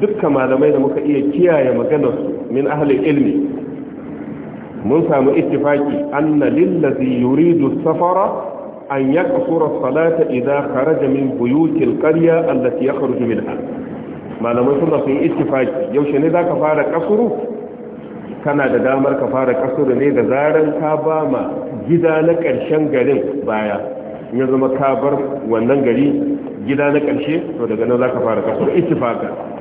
dukkan malamai da muka iya kiyaye su min ahalin ilmi mun samu ittifaki anna lillazi yuridu safara an yaqsura salata idza kharaja min buyutil qarya allati yakhruju minha malamai sun da sun ittifaki yaushe ne zaka fara kasuru kana da damar ka fara kasuru ne da zaran ka ba ma gida na karshen garin baya ya zama ka bar wannan gari gida na karshe to daga nan zaka fara kasuru ittifaka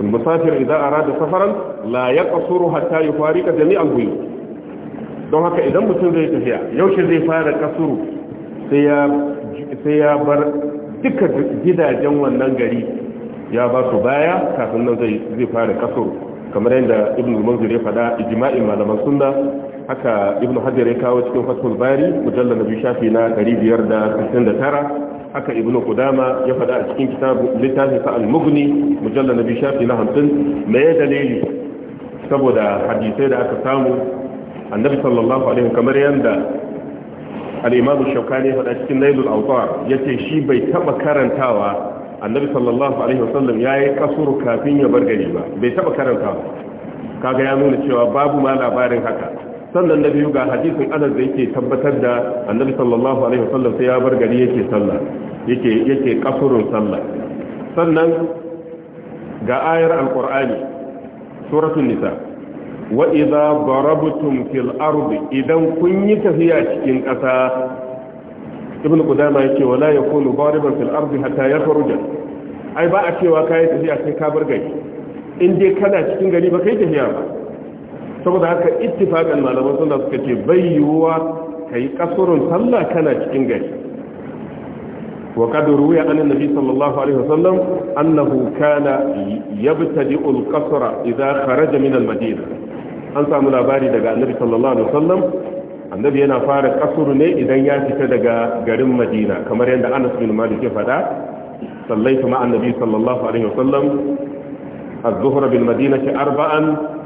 المسافر إذا أراد سفرا لا يقصر حتى يفارق جميع البيوت don haka idan mutum zai tafiya yaushe zai fara kasuru sai ya bar duka gidajen wannan gari ya ba su baya kafin nan zai fara kasuru kamar yadda ibn al ya faɗa ijma'in malaman sunna haka ibn hajar ya kawo cikin fatul bari mujallal nabi shafi na 569 haka ibnu kudama ya faɗa a cikin kitabu littafin sa al-mughni mujallal nabi shafi na 50 me dalili saboda hadisai da aka samu annabi sallallahu alaihi kamar yanda al-imam shaukani ya faɗa cikin nailul awtar yace shi bai taba karantawa annabi sallallahu alaihi wasallam yayi kasuru kafin ya bar gari ba bai taba karantawa kaga ya nuna cewa babu ma labarin haka sannan na biyu ga hadisin anas da yake tabbatar da annabi sallallahu alaihi wasallam sai ya bar gari yake sallah yake yake kasurun sallah sannan ga ayar alqur'ani suratul nisa wa idza darabtum fil ardi idan kun yi tafiya cikin kasa ibn qudama yake wala yakunu dariban fil ardi hatta yakhruja ai ba a cewa kai tafiya sai ka bar gari in dai kana cikin gari ba kai tafiya ba saboda haka ittifaqan malaman sunna suka ce bai yiwuwa kai kasurun sallah kana cikin gari wa qad ruwiya an annabi sallallahu alaihi wasallam annahu kana yabtadi'u al-qasra idha kharaja min al-madina an samu labari daga annabi sallallahu alaihi wasallam annabi yana fara kasuru ne idan ya fita daga garin madina kamar yadda anas bin malik ya faɗa sallaitu ma annabi sallallahu alaihi wasallam az-zuhra bil madinati arba'an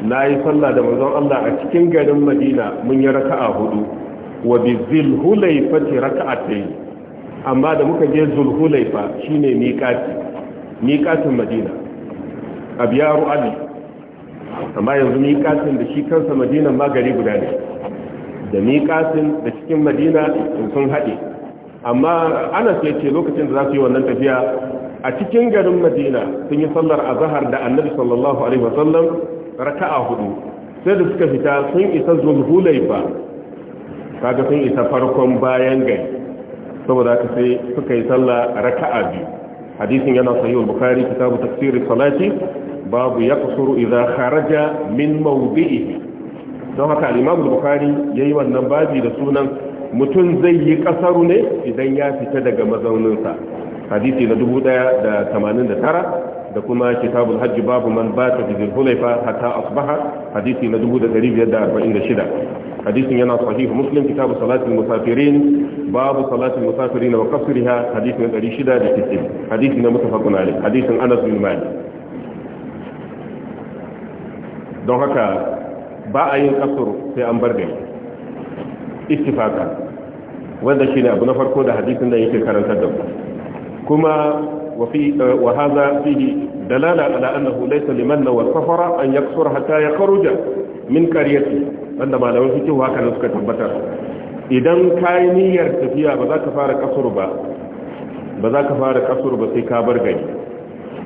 na yi sallah da manzon Allah a cikin garin madina mun yi raka'a hudu wa bi zulhulaifati raka'atayn amma da muka je zulhulaifa shine miqati miqatin madina abyaru ali amma yanzu miqatin da shi kansa madina ma gari guda ne da miqatin da cikin madina sun hade amma Anas ya ce lokacin da za su yi wannan tafiya a cikin garin madina sun yi sallar azhar da annabi sallallahu alaihi wasallam raka'a hudu sai da suka fita sun isa zulhulaifa kaga sun isa farkon bayan gari saboda haka sai suka yi sallah raka'a biyu hadisin yana sahih al-bukhari kitabu tafsir salati babu kusuru idan haraja min mawdi'ihi don haka al-imam ya yi yayi wannan babi da sunan mutum zai yi kasaru ne idan ya fita daga mazauninsa hadisi na 1089 da kuma kitabul hajj babu man bata fi zulhulaifa hatta asbaha hadisi na 1546 hadisin yana sahih muslim kitabu salatul musafirin babu salatul musafirin wa qasriha hadisi na 660 hadisi na mutafaqun alayh hadisin Anas bin Malik don haka ba a yin kasur sai an bar gari istifaka wanda shine abu na farko da hadisin da yake karanta da kuma وفي وهذا فيه دلالة على أنه ليس لمن والسفر أن يكسر حتى يخرج من كريته عندما لو فيه هكذا سكتبتر idan ka yi niyyar tafiya ba za ka fara kasur ba ba za ka fara kasur ba sai ka bar gari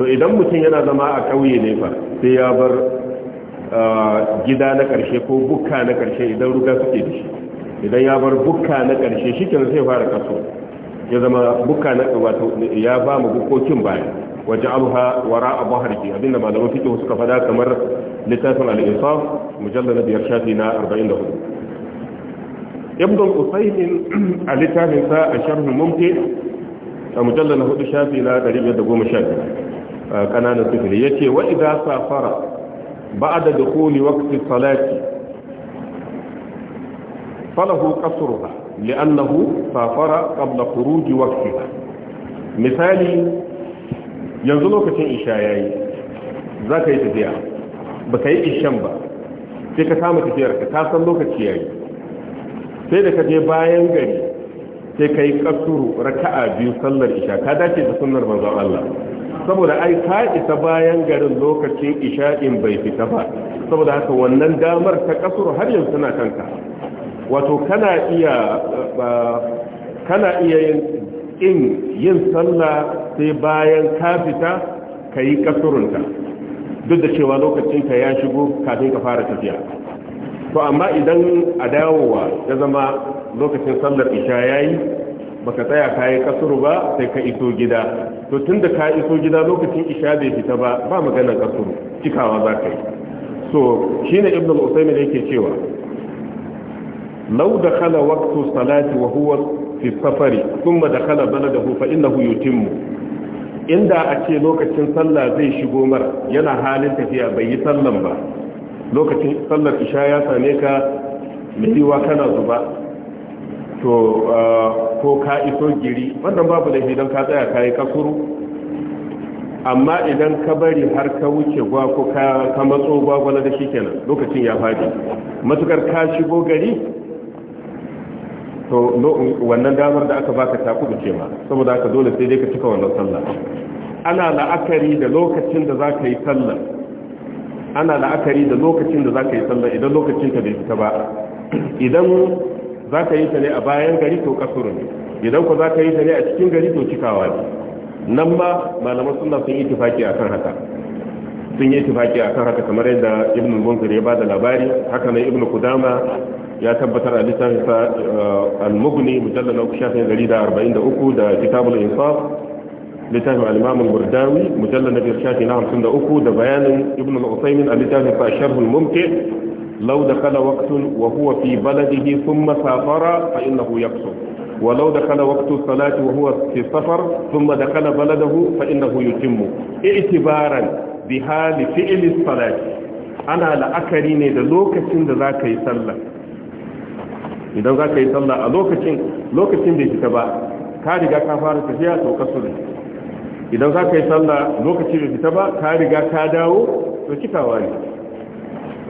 to idan mutum yana zama a kauye ne fa sai ya bar gida na ƙarshe ko bukka na ƙarshe idan ruga suke da shi idan ya bar bukka na ƙarshe shi sai fara ya zama bukka na wato ya ba mu bukokin baya waje alha wara a baharki abinda malaman fiqh suka fada kamar littafin al-insaf mujallal na biyar shafi na 44 ibn al-usaymin a littafin sa a sharh mumti a mujallal na hudu shafi na 115 kananan sifili yace wa idza safara ba'da dukhuli waqti salati falahu qasruha li'annahu safara qabla khuruji waqtiha misali yanzu lokacin isha yayi zaka yi tafiya baka yi ishan ba sai ka samu tafiyar ka ta san lokaci yayi sai da ka je bayan gari sai ka yi kasuru raka'a biyu sallar isha ka dace da sunnar manzon Allah saboda ai ka isa bayan garin lokacin isha'in bai fita ba saboda haka wannan damar ta ƙasuru, har yanzu tana kanka wato kana iya kana iya yin in yin sallah sai bayan ka fita ka yi kasurunta duk da cewa lokacin ka ya shigo kafin ka fara tafiya to amma idan a dawowa ya zama lokacin sallar isha yayi baka tsaya ka yi kasuru ba sai ka iso gida to tunda ka iso gida lokacin isha bai fita ba ba maganar kasuru cikawa za ka yi so shine ibn usaymin yake cewa Lau law dakhala waqtu salati wa huwa da kala bana dakhala baladahu fa innahu yutimmu inda a ce lokacin sallah zai shigo mar yana halin tafiya bai yi sallan ba lokacin sallar isha ya same ka miliwa kana zuba to ko ka iso giri wannan babu da idan ka tsaya kayi kasuru amma idan ka bari har ka wuce gwa ko ka matso gwagwala da shi lokacin ya faɗi matukar ka shigo gari to wannan damar da aka baka ta kudu ce ma saboda aka dole sai dai ka cika wannan sallah ana la'akari da lokacin da za ka yi sallah ana la'akari da lokacin da za ka yi sallah idan lokacin ka bai fita ba idan za ka yi ta ne a bayan gari to kasuru ne idan ku za ka yi ta ne a cikin gari to cikawa ne nan ma malaman sunna sun yi tufaki akan haka sun yi tufaki kan haka kamar yadda ibn munzir ya bada labari haka nan ibn kudama ya tabbatar a littafin sa al-mughni mujallal na shafin 143 da kitabul insaf littafin al-imam al-burdawi mujallal na shafi na 53 da bayanin ibn al-usaymin a littafin sa sharh al-mumti law dakala waqtun wa huwa fi baladihi thumma safara fa innahu yaqsu wa law ولو دخل وقت الصلاة وهو في السفر ثم دخل بلده فإنه يتم اعتبارا bi hali fi'lis salati ana la'akari ne da lokacin da zaka yi sallah idan zaka yi sallah a lokacin lokacin da kika ba ka riga ka fara tafiya to kasuri idan zaka yi sallah lokacin da kika ba ka riga ka dawo to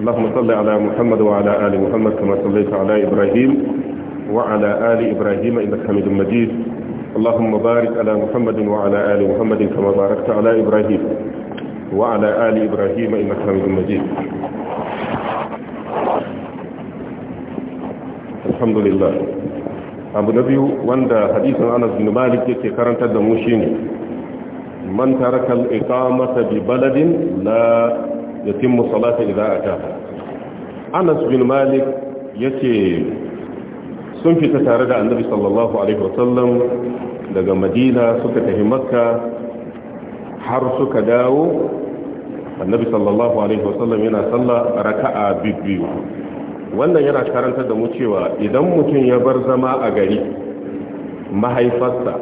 allahumma ne اللهم muhammad wa محمد وعلى آل محمد كما ala ibrahim wa وعلى آل إبراهيم إنك حميد مجيد اللهم بارك على محمد وعلى آل محمد كما باركت على إبراهيم وعلى آل إبراهيم إنك حميد مجيد الحمد لله abu na wanda hadisin anas bin malik yake karantar da mu shine man taraka al-iqamata bi baladin la yatimmu salata idza ataha anas bin malik yace sun fita tare da anabi sallallahu alaihi wasallam daga madina suka tafi makka har suka dawo annabi sallallahu alaihi wasallam yana sallah raka'a biyu wannan yana karantar da mu cewa idan mutum ya bar zama a gari mahaifarsa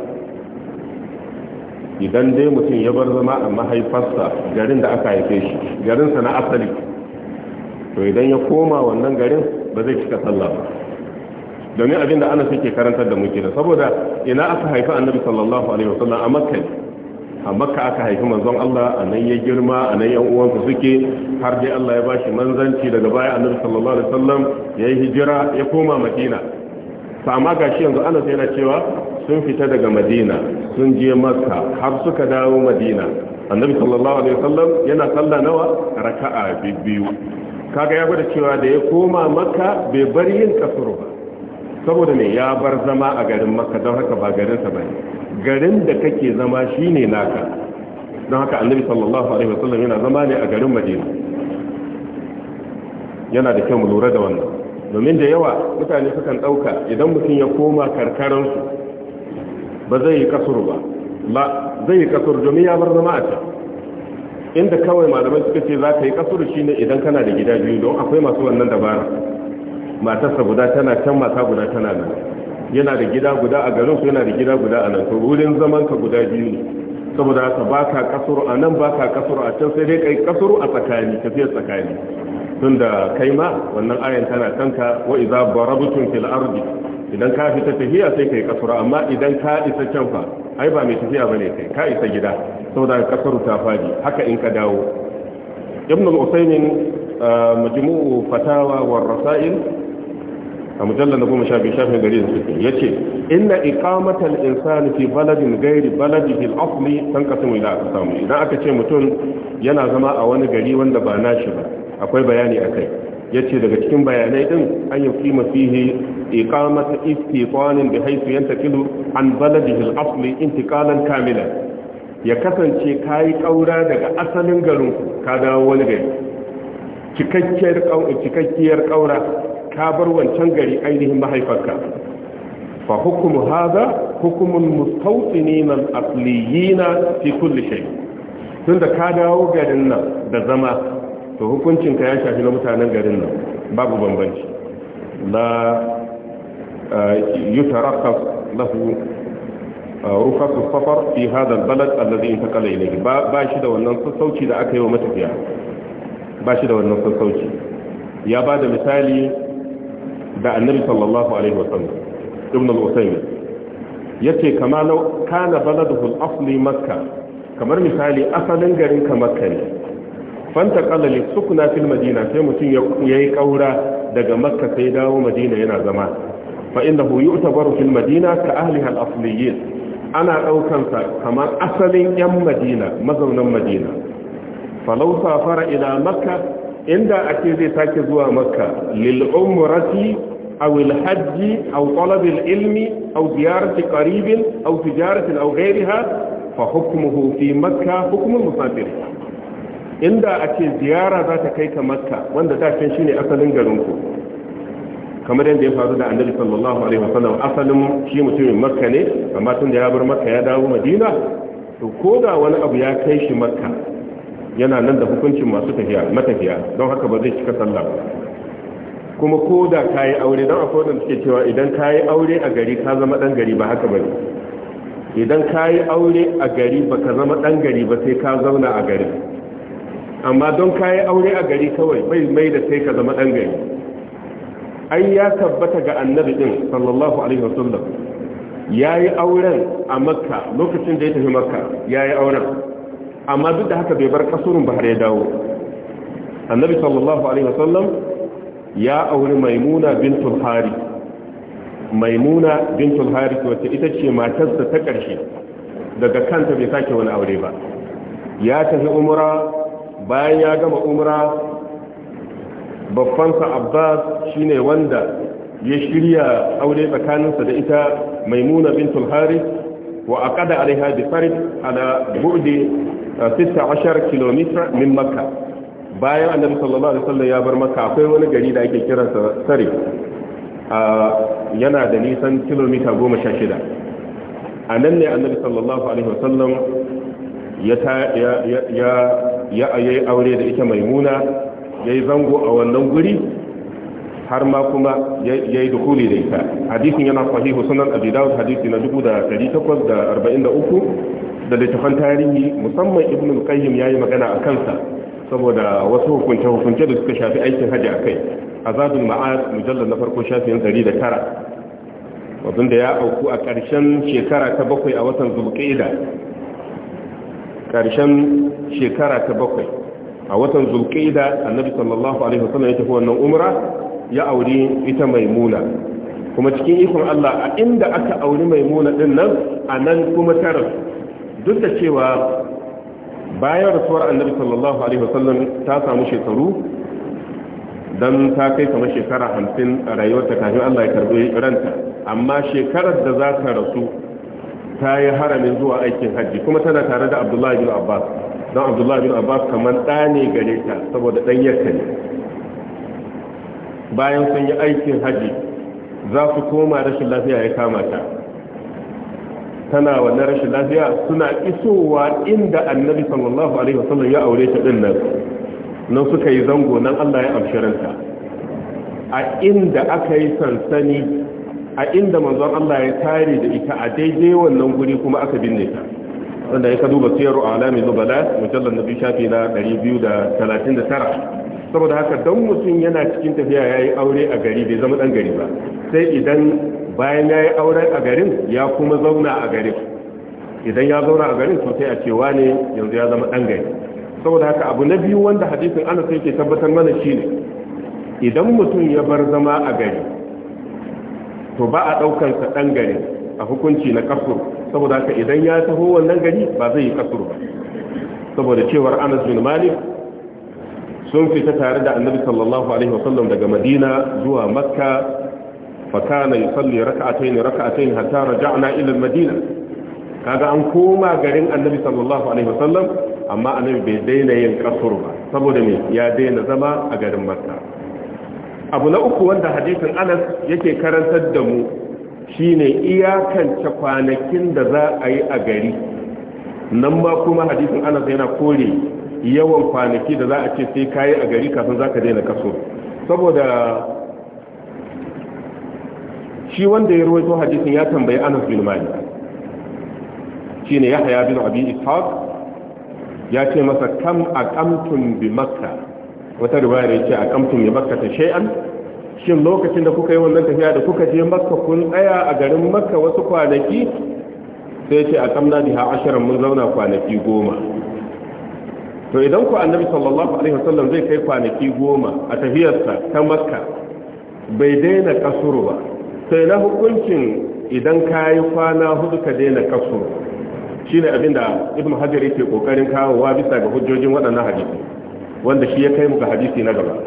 idan dai mutum ya bar zama a mahaifarsa garin da aka haife shi garinsa na asali to idan ya koma wannan garin ba zai cika sallah ba domin abin da ana suke karantar da muke da saboda ina aka haifi annabi sallallahu alaihi wasallam a makka a makka aka haifi manzon Allah a nan ya girma a nan yan uwansa suke har dai Allah ya ba shi manzanci daga baya annabi sallallahu alaihi wasallam ya yi hijira ya koma madina to amma gashi yanzu Anas yana cewa sun fita daga madina sun je makka har suka dawo madina annabi sallallahu alaihi wasallam yana sallah nawa raka'a biyu kaga ya gwada cewa da ya koma makka bai bar yin kasuru ba saboda ne ya bar zama a garin makka don haka ba garinsa bane garin da kake zama shine naka don haka annabi sallallahu alaihi wasallam yana zama ne a garin madina yana da kyau mu lura da wannan domin da yawa mutane sukan dauka idan mutum ya koma karkaransu ba zai yi kasuru ba la zai yi kasuru domin ya bar zama a can inda kawai malamai suka ce za ka yi kasuru shine idan kana da gida biyu don akwai masu wannan dabara matarsa guda tana can mata guda tana nan yana da gida guda a garin ku yana da gida guda a nan to wurin zaman ka guda biyu ne saboda haka ka kasuru a nan ba ka kasuru a can sai dai kai kasuru a tsakani tafiyar tsakani tunda kai ma wannan ayan tana kanka wa iza barabtum fil ardi idan ka fita tafiya sai kai kasuru amma idan ka isa can fa ai ba mai tafiya bane kai ka isa gida saboda kasuru ta fadi haka in ka dawo ibn al-usaymin eh, majmu'u fatawa war rasail a mujallar da goma sha shafin gari da suke ya ce inna iqamatal insani fi baladin gairi baladihi al san kasu ila aka samu idan aka ce mutum yana zama a wani gari wanda ba shi ba akwai bayani akai yace daga cikin bayanai din an yuqima fihi iqamata istiqanin bi haythu yantaqilu an baladihi in asli kalan kamilan ya kasance kayi kaura daga asalin garin ka dawo wani gari cikakkiyar kaura ka bar wancan gari ainihin mahaifarka fa hukumu hada hukumun mustawtinin al-asliyina fi kulli shay tunda ka dawo garin nan da zama to hukuncin ka ya shafi na mutanen garin nan babu bambanci la yutaraqqas lahu rufasu safar fi hada al-balad alladhi intaqala ilayhi ba shi da wannan sassauci da aka yi wa matafiya ba shi da wannan sassauci ya ba da misali da annabi sallallahu alaihi wasallam ibn al yace kama law kana baladuhu al-asli makkah kamar misali asalin garin ka makka ne fanta qala li sukna fil madina sai mutum yi kaura daga makka sai dawo madina yana zama fa innahu yu'tabaru fil madina ka ahliha al-asliyin ana daukan sa kamar asalin yan madina mazaunan madina falau safara ila makka inda ake zai sake zuwa makka lil'umrati aw alhajji aw talab alilmi aw ziyarati qaribin aw tijaratin aw ghayriha fa hukmuhu fi makka hukmul musafir inda ake ziyara za ta kai ka makka wanda tashin shine asalin garin ku kamar yadda ya faru da annabi sallallahu alaihi wasallam asalin shi mutumin makka ne amma tun da ya bar makka ya dawo madina to ko da wani abu ya kai shi makka yana nan da hukuncin masu tafiya matafiya don haka ba zai cika sallah kuma ko da ka yi aure don akwai wadanda suke cewa idan ka yi aure a gari ka zama dan gari ba haka bane idan ka yi aure a gari ba ka zama dan gari ba sai ka zauna a gari amma don ka yi aure a gari kawai bai mai da sai ka zama dan gari ai ya tabbata ga annabi din sallallahu alaihi wasallam yayi auren a makka lokacin da ya tafi makka yayi auren amma duk da haka bai bar kasurun ba har ya dawo annabi sallallahu alaihi wasallam ya auri maimuna bintul harith maimuna bintul harith wacce ita ce matarsa ta ƙarshe daga kanta bai sake wani aure ba ya tafi umra bayan ya gama umra babbansa abbas shine wanda ya shirya aure tsakaninsa da ita maimuna bintul harith wa aqada alaiha bi farid ala bu'di 16 kilometer min makka bayan annabi sallallahu alaihi wasallam ya bar makka akwai wani gari da ake sa sare yana da nisan kilomita 16 a nan ne annabi sallallahu alaihi wasallam ya ya ya ya aure da ita maimuna yayi zango a wannan guri har ma kuma ya yi dukuli da ita hadisin yana sahihu sunan abi dawud hadisi na 1843 da littafan tarihi musamman ibn al-qayyim yayi magana a kansa saboda wasu hukunce hukunce da suka shafi aikin haji a kai a azadul ma'ad mujallar na farko shafin 109 wazin da ya auku a ƙarshen shekara ta bakwai a watan zulqa'ida ƙarshen shekara ta bakwai a watan zulqa'ida annabi sallallahu alaihi wasallam ya tafi wannan umra ya auri ita maimuna kuma cikin ikon Allah a inda aka auri maimuna din nan a nan kuma ta duk da cewa bayan rasuwar annabi sallallahu alaihi wasallam ta samu shekaru don ta kai kamar shekara hamsin a rayuwarta kafin Allah ya karɓi ranta amma shekarar da za ta rasu ta yi haramin zuwa aikin hajji kuma tana tare da abdullahi bin abbas don abdullahi bin abbas kamar ɗane ne gare ta saboda ɗan yakka bayan sun yi aikin haji za su koma rashin lafiya ya kama ta tana wannan rashin lafiya suna isowa inda annabi sallallahu alaihi wasallam ya aure ta din nan nan suka yi zango nan Allah ya amsharanta a inda aka yi sansani a inda manzon Allah ya tare da ita a daidai wannan guri kuma aka binne ta wanda ya ka duba siyar alamin zubala mujallar nabi shafi na 239 saboda haka don mutum yana cikin tafiya ya yi aure a gari bai zama ɗan gari ba sai idan bayan ya yi auren a garin ya kuma zauna a gari idan ya zauna a garin sosai a cewa ne yanzu ya zama ɗan gari saboda haka abu na biyu wanda hadisin ana sai ke tabbatar mana shi ne idan mutum ya bar zama a gari to ba a ɗaukansa ɗan gari a hukunci na kasur saboda haka idan ya taho wannan gari ba zai yi kasur ba saboda cewar anas bin malik sun fita tare da annabi sallallahu alaihi wasallam daga madina zuwa makka fakana yusalli raka'atayn raka'atayn hatta raja'na ila madina kaga an koma garin annabi sallallahu alaihi wasallam amma annabi bai daina yin kasur ba saboda me ya daina zama a garin makka abu na uku wanda hadisin Anas yake karantar da mu shine iyakance kwanakin da za a yi a gari nan ma kuma hadisin Anas yana kore yawan kwanaki da za a ce sai kayi a gari kafin za ka daina kaso saboda shi wanda ya ruwaito hadisin ya tambayi anas bin ne shine yahya bin abi ishaq ya ce masa kam a kamtun bi makka wata riwaya ya ce kamtun bi makka ta shay'an shin lokacin da kuka yi wannan tafiya da kuka je makka kun tsaya a garin makka wasu kwanaki sai ce a kamna biha ashirin mun zauna kwanaki goma to idan ku annabi sallallahu alaihi wasallam zai kai kwanaki goma a tafiyarsa ta makka bai daina kasuru ba sai na hukuncin idan ka yi kwana hudu ka daina kasuru shi ne abinda ibn hajar yake kokarin kawowa bisa ga hujjojin waɗannan hadisi wanda shi ya kai mu ga hadisi na gaba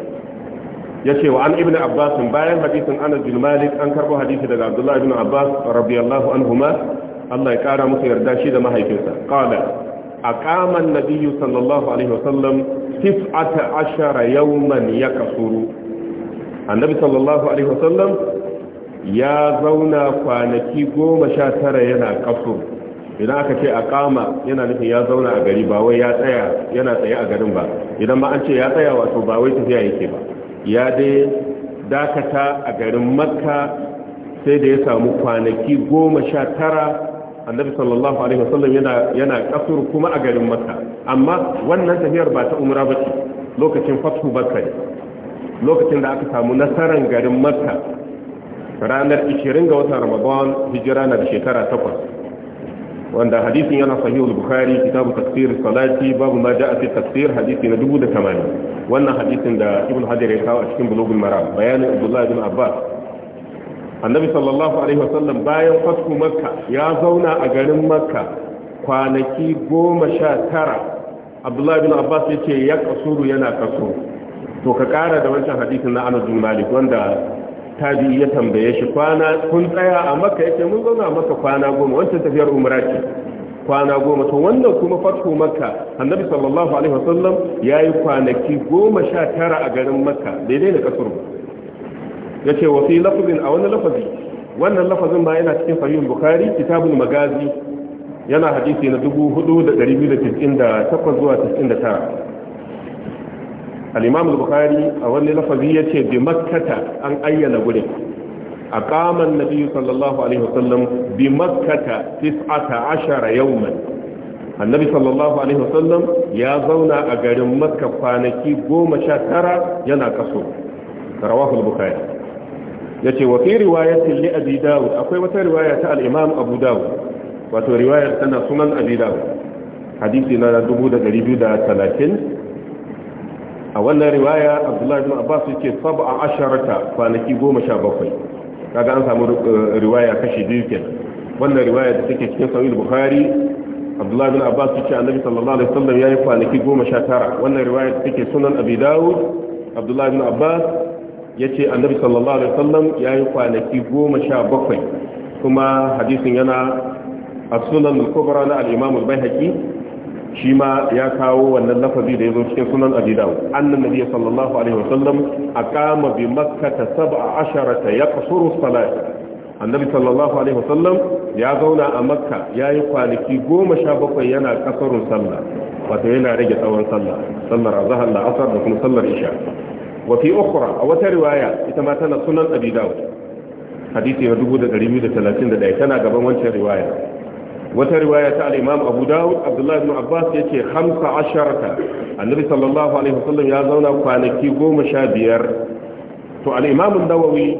ya ce wa an ibn abbas bayan hadisin anas bin malik an karbo hadisi daga abdullahi ibn abbas radiyallahu anhuma Allah ya kara musu yarda shi da mahaifinsa qala A an-nabiy sallallahu alaihi wasallam tis'ata ashara yawman yakasuru annabi sallallahu alaihi wasallam ya zauna kwanaki goma sha tara yana kaso idan aka ce a kama yana nufin ya zauna a gari ba wai ya tsaya yana tsaye a garin ba idan ba an ce ya tsaya wato ba wai tafiya yake ba ya dai dakata a garin makka sai da ya samu kwanaki goma sha tara annabi sallallahu alaihi wasallam yana yana kasur kuma a garin makka amma wannan tafiyar ba ta umra ba ce lokacin fathu bakka lokacin da aka samu nasaran garin makka ranar 20 ga watan ramadan hijira na shekara takwas. wanda hadisin yana sahihul bukhari kitabu tafsir salati babu ma ja'a fi tafsir hadisi na tamanin wannan hadisin da ibn hajar ya kawo a cikin bulugul maram bayanin abdullah ibn abbas annabi sallallahu alaihi wasallam bayan fasku makka ya zauna a garin makka kwanaki goma sha tara abdullahi bin abbas ya ce ya kasuru yana kaso to ka kara da wancan hadisin na anas bin malik wanda tabi ya tambaye shi kwana kun tsaya a makka yake mun zauna a makka kwana goma wancan tafiyar umra ce kwana goma to wannan kuma fasku makka annabi sallallahu alaihi wasallam yayi kwanaki goma sha tara a garin makka daidai da kasuru yace wa fi lafzin a wani lafazi wannan lafazin ba yana cikin sahih bukhari kitabul magazi yana hadisi na 4298 zuwa 99 al-imam al-bukhari a wani lafazi ya ce bi makkata an ayyana gurin aqama an-nabi sallallahu alaihi wasallam bi makkata 19 yawman annabi sallallahu alaihi wasallam ya zauna a garin makka kwanaki 19 yana kaso rawahu al-bukhari yace wa fi riwayatin li abi dawud akwai wata riwaya ta al-imam abu dawud wato riwayar tana sunan abi dawud hadisi na 2230 a wannan riwaya abdullahi ibn abbas yake 17 kwanaki 17 kaga an samu eh, riwaya kashi biyu kenan wannan riwaya da take cikin sahih bukhari abdullahi ibn abbas yake annabi sallallahu alaihi wasallam yayi kwanaki 19 wannan riwaya da take sunan abi dawud abdullahi ibn abbas ya ce annabi sallallahu alaihi wasallam yi kwanaki goma sha bakwai kuma hadisin yana as-sunan al-kubra na al-imam al-baihaqi shi ma ya kawo wannan lafazi da yazo cikin sunan abi dawud annan nabi sallallahu alaihi wasallam aqama bi makkah 17 yaqsuru as-salat annabi sallallahu alaihi wasallam ya zauna a makka ya yi kwanaki goma sha bakwai yana kasarun sallah wato yana rage tsawon sallah sallar azhar da asar da kuma sallar isha Wafi ukhra a wata riwaya ita ma tana sunan abi dawud hadisi na 2231 tana gaban wancan riwaya wata riwaya ta al-imam abu dawud abdullahi ibn abbas yace 15 annabi sallallahu alaihi wasallam ya zauna kwanaki 15 to al-imam an-nawawi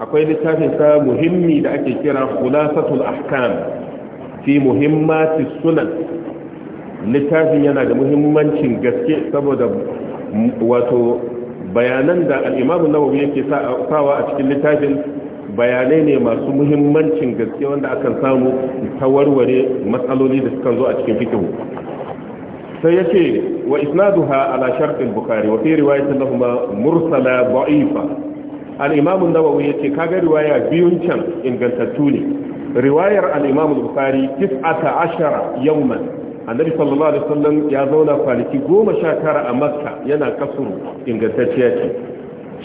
akwai littafin sa muhimmi da ake kira khulasatul ahkam fi muhimmati sunan littafin yana da muhimmancin gaske saboda wato bayanan da al'imamun nawawi yake sawa a cikin littafin bayanai ne masu muhimmancin gaske wanda akan samu ta warware matsaloli da sukan zo a cikin fikin sai ya ce wa isnaduha ala shartin bukari wa fi riwayatin lahuma mursala ba'ifa al'imamun nawawi ya ce kaga riwaya biyun can ingantattu ne riwayar al'imamun bukari tis'ata ashara yawman annabi sallallahu alaihi wasallam ya zauna kwanaki goma sha tara a makka yana kasuru ingantacciya ce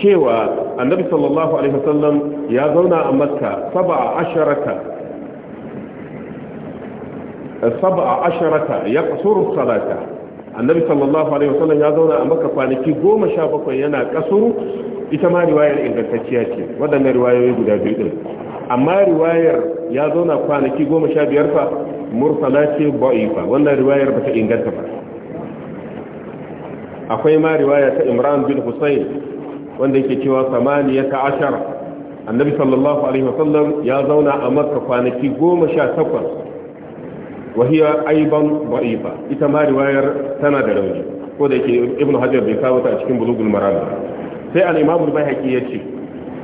cewa annabi sallallahu alaihi wasallam ya zauna a makka saba asharata saba asharata ya kasuru salata annabi sallallahu alaihi wasallam ya zauna a makka kwanaki goma sha bakwai yana kasuru ita ma riwayar ingantacciya ce waɗannan riwayoyi guda biyu din amma riwayar ya zauna kwanaki goma sha biyar fa mursala ce ba'ifa wannan riwayar ba ta inganta ba akwai ma riwaya ta imran bin husayn wanda yake cewa samaniya ta ashar annabi sallallahu alaihi wasallam ya zauna a makka kwanaki goma sha takwas wahiya aiban ba'ifa ita ma riwayar tana da rauni ko da yake ibnu hajar bai kawo ta a cikin bulugul maram sai al-imam al ya ce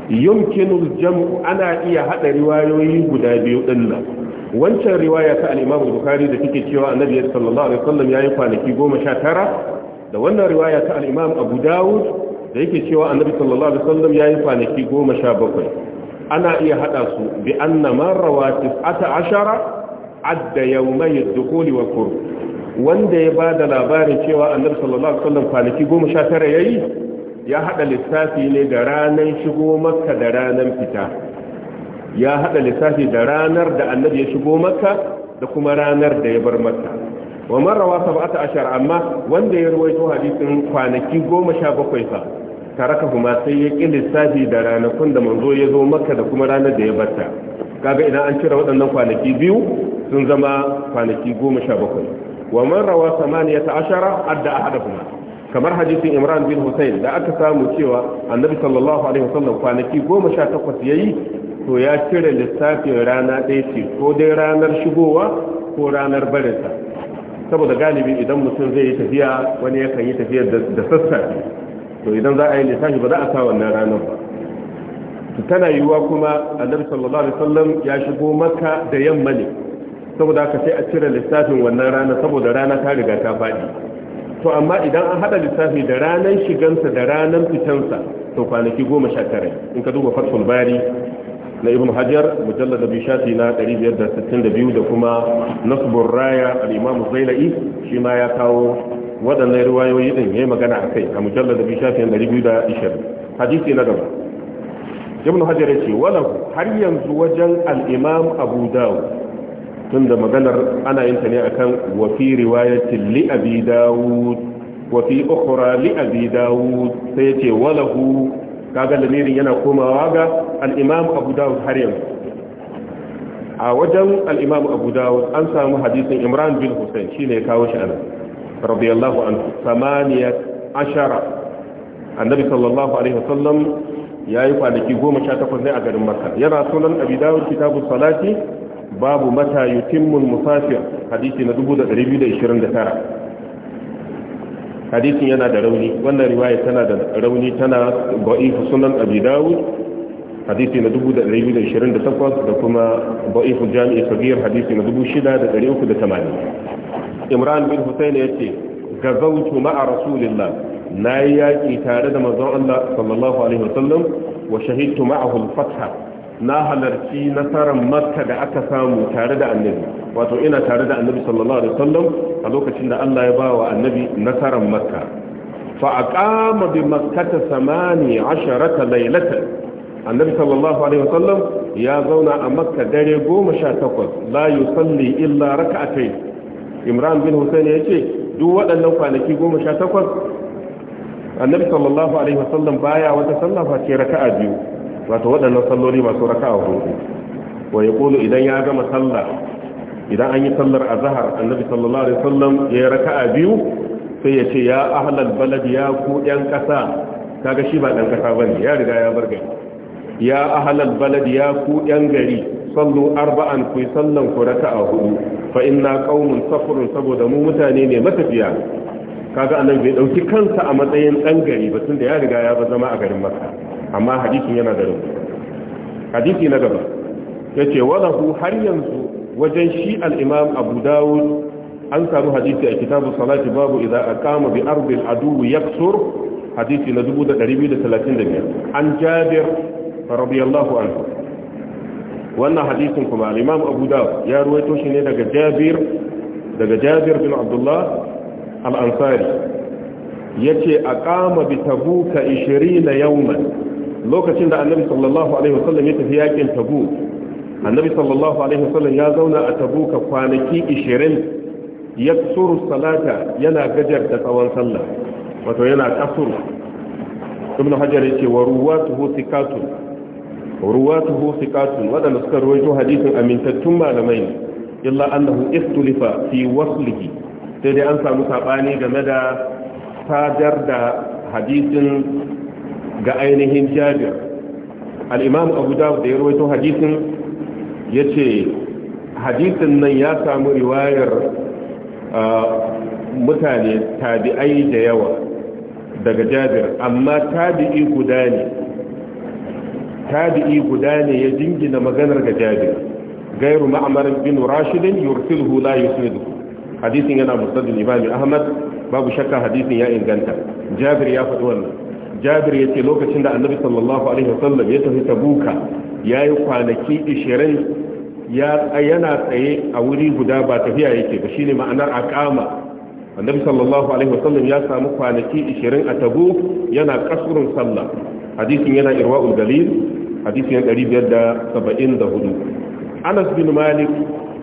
yumkinul jam'u ana iya hada riwayoyi guda biyu dinnan wancan riwaya ta al-Imam Bukhari da take cewa Annabi sallallahu alaihi wasallam yayi kwanaki 19 da wannan riwaya ta al-Imam Abu Dawud da yake cewa Annabi sallallahu alaihi wasallam yayi kwanaki 17 ana iya hada su bi anna marwa 19 adda yawmay ad-dukhul wal khuruj wanda ya bada labarin cewa Annabi sallallahu alaihi wasallam kwanaki 19 yayi ya haɗa lissafi ne da ranar shigo makka da ranar fita ya haɗa lissafi da ranar da annabi ya shigo makka da kuma ranar da ya bar makka wa marrawa sab'ata ashar amma wanda ya ruwaito hadisin kwanaki 17 sa taraka kuma sai ya ki lissafi da ranakun da manzo ya zo makka da kuma ranar da ya barta kaga idan an cire waɗannan kwanaki biyu sun zama kwanaki 17 wa man rawa 18 adda kuma. kamar hadisin imran bin hussein da aka samu cewa annabi sallallahu alaihi wasallam kwanaki goma sha takwas ya yi to ya cire lissafin rana ɗaya ce ko dai ranar shigowa ko ranar barinsa saboda galibi idan mutum zai yi tafiya wani yakan yi tafiya da sassafe to idan za a yi lissafi ba za a sa wannan ranar ba to tana yiwuwa kuma annabi sallallahu alaihi wasallam ya shigo maka da yamma ne saboda haka sai a cire lissafin wannan rana saboda rana ta riga ta faɗi to amma idan an hada lissafi da ranar shigansa da ranar fitansa to kwanaki goma sha tara in ka duba fatul bari na ibn hajar mujallar da bishati na 562 da kuma nasbur raya al-imam zailai shi ma ya kawo waɗannan riwayoyi din yayi magana a kai a mujallar da bishati na 220 hadisi na gaba ibn hajar ya ce wala har yanzu wajen al-imam abu dawud tunda maganar ana yin ta ne akan wafi fi riwayatin li abi dawud wafi fi ukhra li abi dawud sai yace walahu kaga lamirin yana komawa ga al-imam abu dawud har yanzu a wajen al-imam abu dawud an samu hadisin imran bin husain shine ya kawo shi anan radiyallahu anhu samaniyat ashara annabi sallallahu alaihi wasallam yayi kwanaki 18 ne a garin makka yana sunan abi dawud kitabus salati babu mata yutimmul musafir hadisi na 2229 hadisin yana da rauni wannan riwaya tana da rauni tana ba'ifu sunan abi dawud hadisi na 2228 da kuma ba'ifu jami'i sabir hadisi na 6380 imran bin husayn yace gazawtu ma'a rasulillah na yi yaƙi tare da mazan Allah sallallahu Alaihi wasallam wa shahidtu ma'ahul fatha na halarci nasarar makka da aka samu tare da annabi wato ina tare da annabi sallallahu alaihi wasallam a lokacin da Allah ya ba wa annabi nasarar makka fa aqama bi makkata 18 laylata annabi sallallahu alaihi wasallam ya zauna a makka dare goma sha takwas la yusalli illa rak'atayn imran bin ya ce duk waɗannan kwanaki goma sha takwas annabi sallallahu alaihi wasallam baya wata sallah face raka'a biyu wato waɗannan salloli masu raka'a hudu wa yaqulu idan ya gama sallah idan an yi sallar azahar annabi sallallahu alaihi wasallam ya a biyu sai ya ce ya ahlal balad ya ku yan ƙasa kaga shi ba dan ƙasa bane ya riga ya bar gari ya ahlal balad ya ku yan gari sallu arba'an ku sallan ku raka'a hudu fa inna qaumun safurin saboda mu mutane ne matafiya kaga annabi bai dauki kansa a matsayin ɗan gari ba tunda ya riga ya bar zama a garin makka amma hadisin yana da rauni hadisi na gaba yace walahu har yanzu wajen shi al-imam abu dawud an samu hadisi a kitabu salati babu idza aqama bi ardi al-adu yaksur hadisi na 2235 an jabir radiyallahu anhu wannan hadisin kuma al-imam abu dawud ya ruwaito shi ne daga jabir daga jabir bin abdullah al-ansari yace aqama bi tabuka 20 yawman lokacin da annabi sallallahu alaihi wasallam ya tafi yakin tabu annabi sallallahu alaihi wasallam ya zauna a tabu ka kwanaki 20 yaksuru salata yana gajar da tsawon sallah wato yana kasuru ibn hajar ce wa ruwatuhu thiqatun ruwatuhu thiqatun suka ruwaito hadisin amintattun malamai ne illa annahu ikhtulifa fi waslihi sai dai an samu sabani game da sadar da hadisin ga ainihin jabir al'imam abu dawud da ya rawaito hadisin ya ce hadisin nan ya samu riwayar mutane tabi'ai da yawa daga jabir amma tabi'i guda ne tabi'i guda ne ya jingina maganar ga jabir gairu ma'amarin bin rashidin yursilhu la hadisin yana musaddin imam ahmad babu shakka hadisin ya inganta jabir ya faɗi wannan jabir ya ce lokacin da annabi sallallahu alaihi wasallam ya tafi tabuka ya yi kwanaki 20 ya yana tsaye a wuri guda ba tafiya yake ba shine ma'anar akama annabi sallallahu alaihi wasallam ya samu kwanaki 20 a tabu yana kasurin sallah hadisin yana irwa'ul dalil hadisin 574 anas bin malik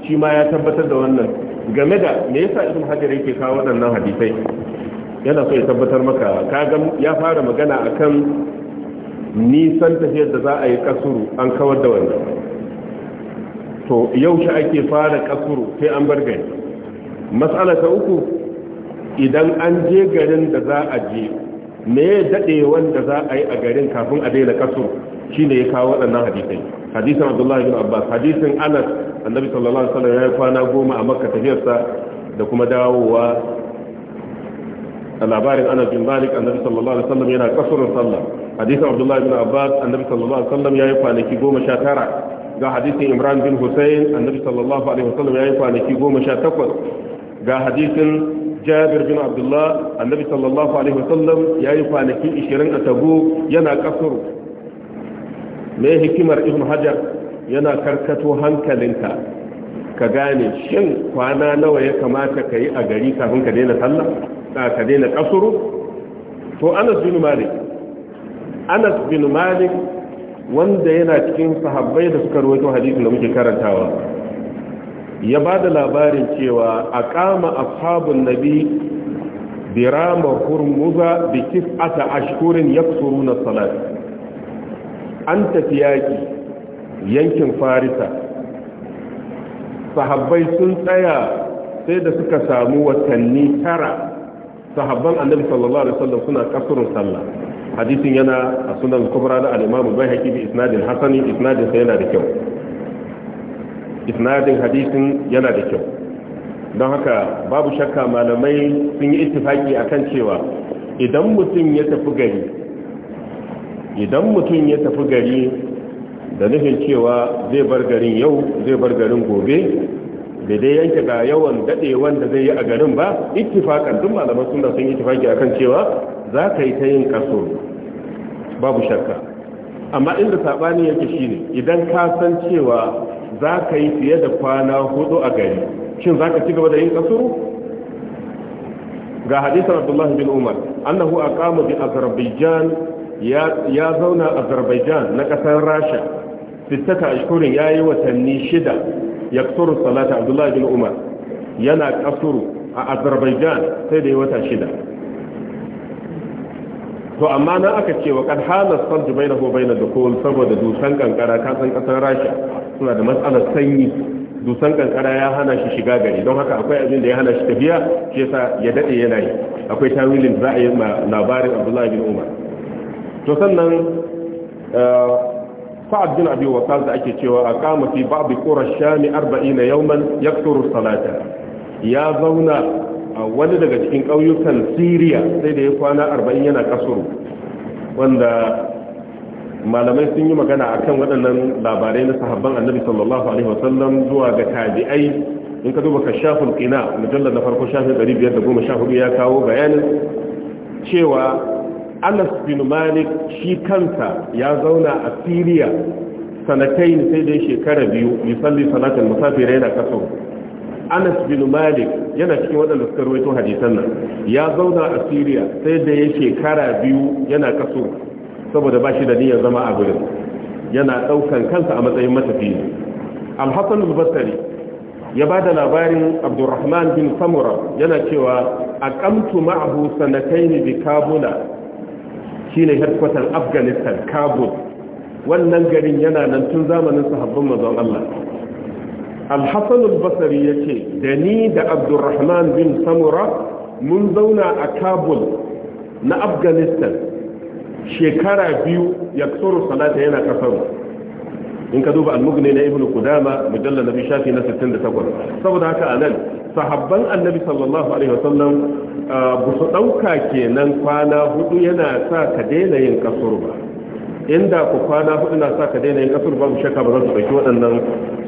shi ma ya tabbatar da wannan game da me yasa ibn hajar yake kawo waɗannan hadisai yana so ya tabbatar maka kaga ya fara magana akan nisan tafiyar da za a yi kasuru an kawar da wannan to yaushe ake fara kasuru sai an bar gari matsala ta uku idan an je garin da za a je me ya daɗe wanda za a yi a garin kafin a daina kasuru shine ne ya kawo waɗannan hadisai hadisin abdullahi bin abbas hadisin anas annabi sallallahu alaihi wasallam ya yi kwana goma a makka tafiyarsa da kuma dawowa a labarin anas bin malik annabi sallallahu alaihi wasallam yana kasurin sallah hadisin abdullahi bin abbas annabi sallallahu alaihi wasallam yayi kwanaki 19 ga hadisin imran bin husayn annabi sallallahu alaihi wasallam yayi kwanaki 18 ga hadisin jabir bin abdullah annabi sallallahu alaihi wasallam yayi kwanaki 20 a tabu yana kasuru me hikimar ibn hajar yana karkato hankalinka ka gane shin kwana nawa ya kamata ka yi a gari kafin ka daina sallah ka daina kasuru to anas bin malik anas bin malik wanda yana cikin sahabbai da suka rawaito hadisi da muke karantawa ya ba da labarin cewa a kama ashabun nabi birama hurmuza da kis'ata ashkurin ya na salat an tafi yaƙi yankin farisa sahabbai sun tsaya sai da suka samu watanni tara sahabban annabi sallallahu alaihi wasallam suna kasurun sallah hadisin yana a sunan kubra da al imamu bayhaqi bi isnadin hasani isnadin sa yana da kyau isnadin hadisin yana da kyau don haka babu shakka malamai sun yi ittifaki akan cewa idan mutum ya tafi gari idan mutum ya tafi gari da nufin cewa zai bar garin yau zai bar garin gobe bai dai yanke ga yawan dade wanda zai yi a garin ba ittifakan duk malaman sunna sun ittifaki akan cewa za ka yi ta yin kaso babu shakka amma inda sabani yake shine idan ka san cewa za ka yi fiye da kwana hudu a gari shin za ka ci gaba da yin kaso ga hadisan abdullah bin umar annahu aqama bi azerbaijan ya zauna azerbaijan na kasar rasha sittata ashkurin yayi watanni shida yakturu salata abdullahi bin umar yana kasuru a azerbaijan sai da ya wata shida to amma na aka ce wa kan halar sarji bai na hobai na dukkan saboda dusan kankara kasan kasar rasha suna da matsalar sanyi dusan kankara ya hana shi shiga gari don haka akwai abin da ya hana shi tafiya shi yasa ya dade yana yi akwai tawilin za a yi labarin abdullahi bin umar to sannan sa'ad bin abi wasa da ake cewa aqama fi ba'd qura shami 40 yawman yakturu salata ya zauna a wani daga cikin ƙauyukan siriya sai da ya kwana 40 yana kasuru wanda malamai sun yi magana akan waɗannan labarai na sahabban annabi sallallahu alaihi wasallam zuwa ga tabi'ai in ka duba kashafin qina mujallar na farko shafin 514 ya kawo bayanin cewa anas bin malik shi kansa ya zauna a siriya sanatai sai dai shekara biyu misalli sanatar musafira yana kaso anas bin malik yana cikin waɗanda suka rawaito hadisan nan ya zauna a siriya sai da ya shekara biyu yana kaso saboda ba shi da niyyar zama a gurin yana ɗaukan kansa a matsayin matafiya alhassan al-basri ya ba da labarin abdurrahman bin samura yana cewa a ƙamtu ma'ahu sanatai bi kabula shine headquarter Afghanistan Kabul wannan garin yana nan tun zamanin sahabban manzon Allah Al-Hasan ya ce da ni da Abdurrahman bin Samura mun zauna a Kabul na Afghanistan shekara biyu ya tsoro salata yana kasaru in ka duba al na ibnu qudama mujallal nabi shafi na 68 saboda haka anan sahabban annabi sallallahu alaihi wasallam ba su dauka kenan kwana hudu yana sa ka daina yin kasur inda ku kwana hudu na sa ka daina yin kasur mu shaka ba za su dauki waɗannan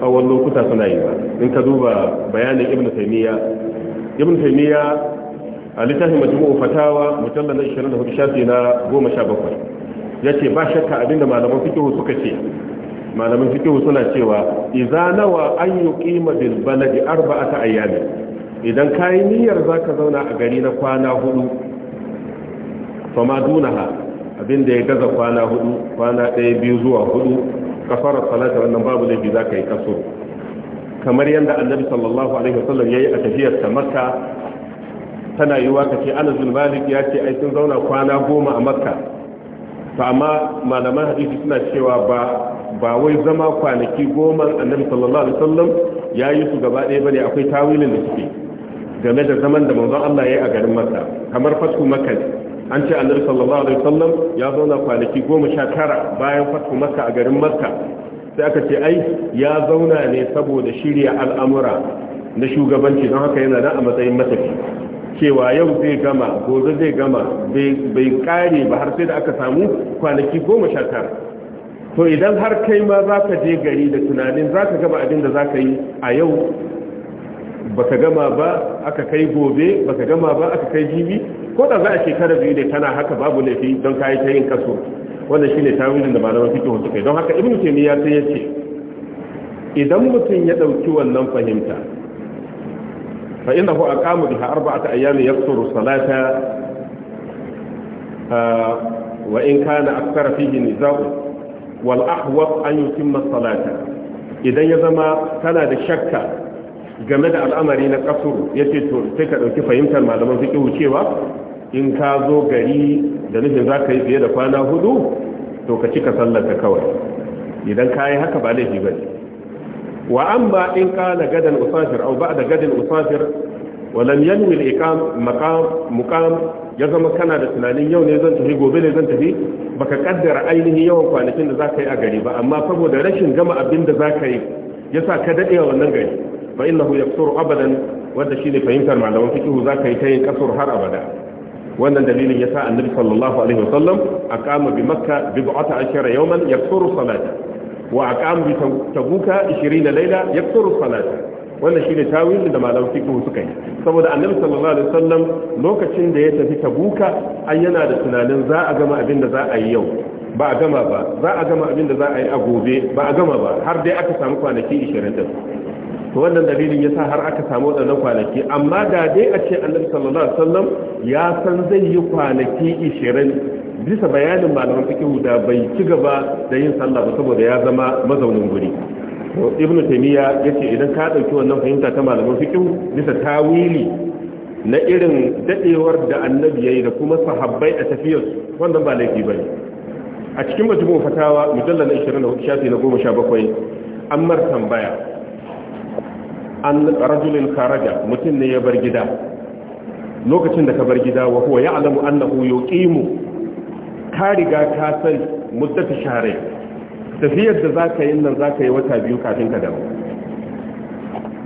tsawon lokuta suna yi ba in ka duba bayanin ibnu taymiya ibnu taymiya a littafin majmu'u fatawa mujallal na 24 shafi na 17 yace ba shakka abinda malaman fiqh suka ce malamin fiqh suna cewa idza nawa an yuqima bil baladi arba'ata ayyamin idan kai niyyar zaka zauna a gari na kwana hudu fama dunaha abinda ya gaza kwana hudu kwana ɗaya biyu zuwa hudu kafara salata wannan babu laifi zaka yi kaso kamar yadda annabi sallallahu alaihi wasallam yayi a tafiyar ta makka tana yiwa kace ce bin malik ya ce ai sun zauna kwana goma a makka to amma malaman hadisi suna cewa ba ba wai zama kwanaki goma annabi sallallahu alaihi wasallam ya yi su gaba ɗaya bane akwai tawilin da suke game da zaman da manzon Allah ya yi a garin Makka kamar fatu Makka an ce annabi sallallahu alaihi wasallam ya zauna kwanaki goma sha tara bayan fatu Makka a garin Makka sai aka ce ai ya zauna ne saboda shirya al'amura na shugabanci don haka yana nan a matsayin matafi cewa yau zai gama gobe zai gama bai kare ba har sai da aka samu kwanaki goma sha tara to idan har kai ma za ka je gari da tunanin za ka gama abin da za ka yi a yau ba ka gama ba aka kai gobe ba ka gama ba aka kai jibi ko da za a shekara biyu da tana haka babu laifi don ka yi ta yin kaso wannan shi ne tawilin da malamar fito hutu kai. don haka ibn ya sai ya ce idan mutum ya ɗauki wannan fahimta fa inna hu aqama biha arba'ata ya yaksuru salata ah, wa in kana aksara fihi nizaqun wal ahwaf an yutimma salata idan ya zama kana da shakka game da al'amari na kasuru ya to sai ka ɗauki fahimtar malaman fiqh cewa in ka zo gari da nufin za ka yi fiye da kwana hudu to ka cika sallarka kawai idan ka yi haka ba laifi ba wa an ba in kana gadan usafir au ba da gadan usafir walam yanwi iqam maqam muqam ya zama kana da tunanin yau ne zan tafi gobe ne zan tafi baka kaddara ainihin yawan kwanakin da za ka yi a gari ba amma saboda rashin gama abin da za ka yi ya sa ka daɗe a wannan gari fa ya yaksuru abadan wanda shine fahimtar malaman fiqh za ka yi ta yin kasuwar har abada wannan dalilin ya sa annabi sallallahu alaihi a aqama bi makka bid'ata ashara yawman yaksuru salata wa aqama bi tabuka 20 layla yaksuru salata wannan shine tawilin da malamu fiqh suka yi saboda annabi sallallahu alaihi wasallam lokacin da ya tafi tabuka an yana da tunanin za a gama abin da za a yi yau ba a gama ba za a gama abin da za a yi a gobe ba a gama ba har dai aka samu kwanaki 20 din to wannan dalilin yasa har aka samu wadannan kwanaki amma da dai a ce annabi sallallahu alaihi wasallam ya san zai yi kwanaki 20 bisa bayanin malaman fiqh da bai ci gaba da yin sallah ba saboda ya zama mazaunin guri to ibnu taymiya yace idan ka dauki wannan fahimta ta malamin fiqh bisa tawili na irin dadewar da annabi yayi da kuma sahabbai a tafiyar wannan ba laifi bane a cikin majmu fatawa mujallal 24 shafi na 17 ammar tambaya an rajulin kharaja mutum ne ya bar gida lokacin da ka bar gida wa huwa ya'lamu annahu yuqimu ka riga ka san muddatu shahrayn tafiyar da za ka yi nan za ka yi wata biyu kafin ka dawo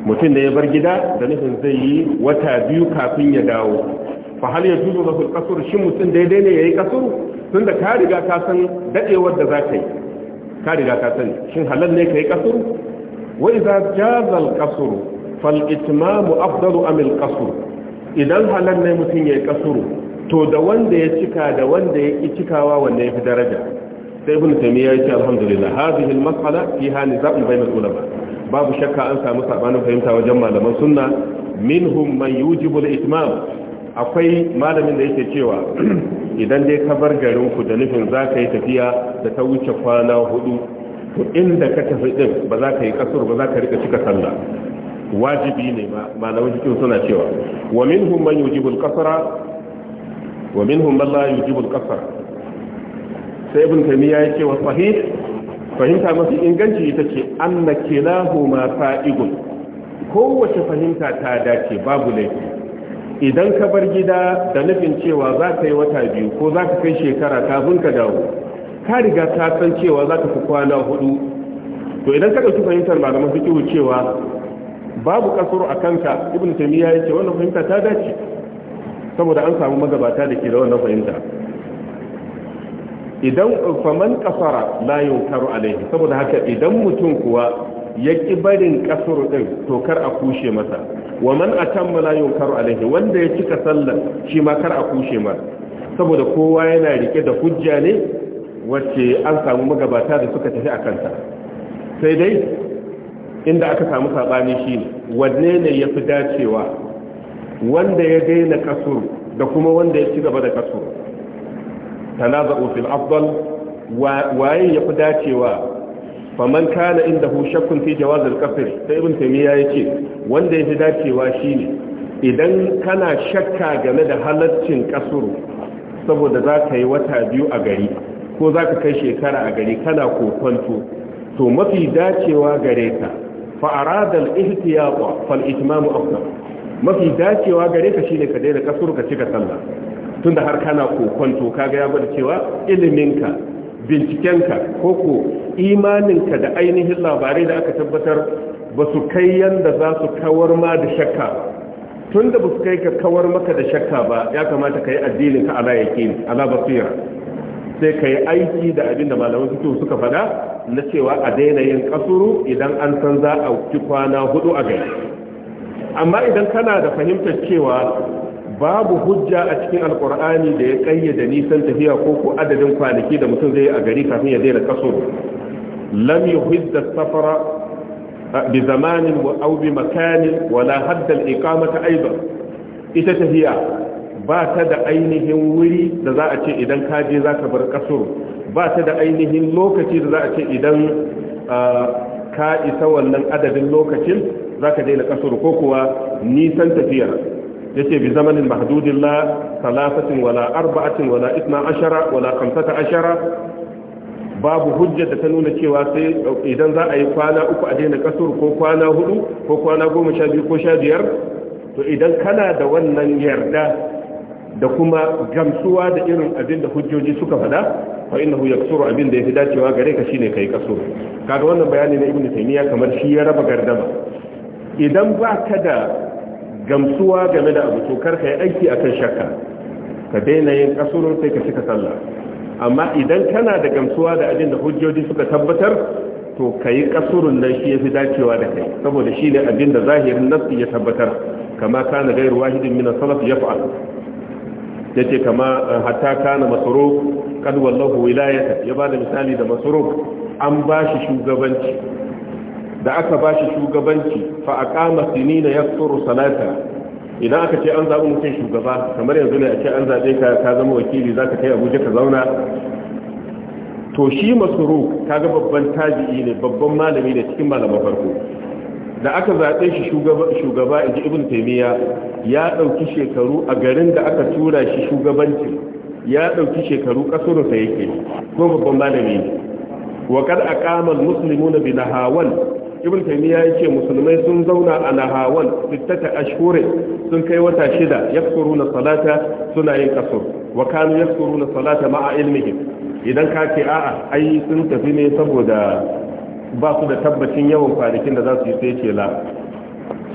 mutum da ya bar gida da nufin zai yi wata biyu kafin ya dawo fa hal ya juzo da kasur shi mutum daidai ne ya yi kasur tun da ka riga ka san dadewar da za ka yi ka riga ka san shin halal ne ka yi kasur wa idza jaza al kasur fal itmam afdalu am al kasur idan halal ne mutum ya yi kasur to da wanda ya cika da wanda ya ki cikawa wanda ya fi daraja sai ibn tamiya yace alhamdulillah hadhihi almas'ala fiha niza'un bayna ulama babu shakka an samu sabanin fahimta wajen malaman sunna minhum man yujibu al-itmam akwai malamin da yake cewa idan dai ka bar garin ku da nufin za yi tafiya da ta wuce kwana hudu to inda ka tafi din ba za ka yi kasur ba za ka rika cika sallah wajibi ne malamin cikin suna cewa wa minhum man yujibu al-qasra wa minhum man la yujibu al-qasra sai ibn taymiya yake wa sahih fahimta mafi inganci ita ce anna kilahuma fa'igun kowace fahimta ta dace babu laifi idan ka bar gida da nufin cewa za ka yi wata biyu ko za ka kai shekara kafin ka dawo ka riga ka san cewa za ka fi kwana hudu to idan ka ɗauki fahimtar malaman fikihu cewa babu kasuru a kanka ibn taymiya yake wannan fahimta ta dace saboda an samu magabata da ke da wannan fahimta idan faman kasara la yunkaru alaihi saboda haka idan mutum kuwa ya ki barin kasuru din to kar a kushe masa wa man atamma la yunkaru alaihi wanda ya cika sallar shi ma kar a kushe masa saboda kowa yana rike da hujja ne wacce an samu magabata da suka tafi akan ta sai dai inda aka samu sabani shi wanne ne yafi dacewa wanda ya daina kasuru da kuma wanda ya ci gaba da kasuru tanaza'u fil afdal waye ya fi dacewa faman kana indahu shakkun fi jawaz al-qasr sai ibn taymiya yace wanda ya fi dacewa shine idan kana shakka game da halaccin kasuru saboda za ka yi wata biyu a gari ko za ka kai shekara a gari kana kokonto to mafi dacewa gare ka fa'arada al-ihtiyaq fal itmam afdal mafi dacewa gare ka shine ka daina kasuru ka cika sallah tunda har kana kokonto kaga ya gwada cewa iliminka bincikenka ko ko imaninka da ainihin labarai da aka tabbatar ba su kai yanda za su kawar ma da shakka tunda ba su kai ka kawar maka da shakka ba ya kamata ka yi addininka ala yaqin ala basira sai ka yi aiki da abin da malaman suke suka fada na cewa a daina yin kasuru idan an san za a ci kwana hudu a gari amma idan kana da fahimtar cewa babu hujja a cikin alkur'ani da ya kayyade nisan tafiya ko ko adadin kwanaki da mutum zai a gari kafin ya daina kaso lam yuhidda safara bi zamanin wa aw bi makanin wala hadda al-iqamata aidan ita tafiya ba ta da ainihin wuri da za a ce idan ka je zaka bar kaso ba ta da ainihin lokaci da za a ce idan ka isa wannan adadin lokacin zaka daina kaso ko kuwa nisan tafiyar yace bi zamanin mahdudin la wala arba'atin wala isna ashara wala kamsata ashara babu hujja da ta nuna cewa sai idan za a yi kwana uku a daina kasur ko kwana hudu ko kwana goma sha biyu ko sha biyar to idan kana da wannan yarda da kuma gamsuwa da irin abin da hujjoji suka fada fa innahu yaksuru abin da yafi dacewa gare ka shine kai kaso kaga wannan bayani na ibnu taymiya kamar shi ya raba gardama idan ba ka da gamsuwa game da abu to ka yi aiki akan shakka ka daina yin kasurun sai ka cika sallah amma idan kana da gamsuwa da abin da hujjoji suka tabbatar to ka yi kasurun nan shi ya fi dacewa da kai saboda shi ne abin da zahirin nassi ya tabbatar kama kana gairu wahidin min salaf ya fa'al yace kama eh, hatta kana masuru kad wallahu wilayata ya bada misali da masuru an bashi shugabanci da aka ba shi shugabanci fa a kama sini na ya tsoro salata idan aka ce an zaɓi mutum shugaba kamar yanzu ne a ce an zaɓe ka ka zama wakili za ka kai abuja ka zauna to shi masoro ka ga babban tajiri ne babban malami ne cikin malaman farko da aka zaɓe shi shugaba inji ibn taimiyya ya ɗauki shekaru a garin da aka tura shi shugabanci ya ɗauki shekaru ƙasurinsa yake ko babban malami ne wa kad aqama al-muslimuna bi nahawal ibn taymiya ce musulmai sun zauna a nahawan sittata ashhurin sun kai wata shida na salata suna yin kasur wa kanu na salata ma'a ilmihim idan ka ce a'a ai sun tafi ne saboda ba su da tabbacin yawan kwanakin da za su yi sai ce la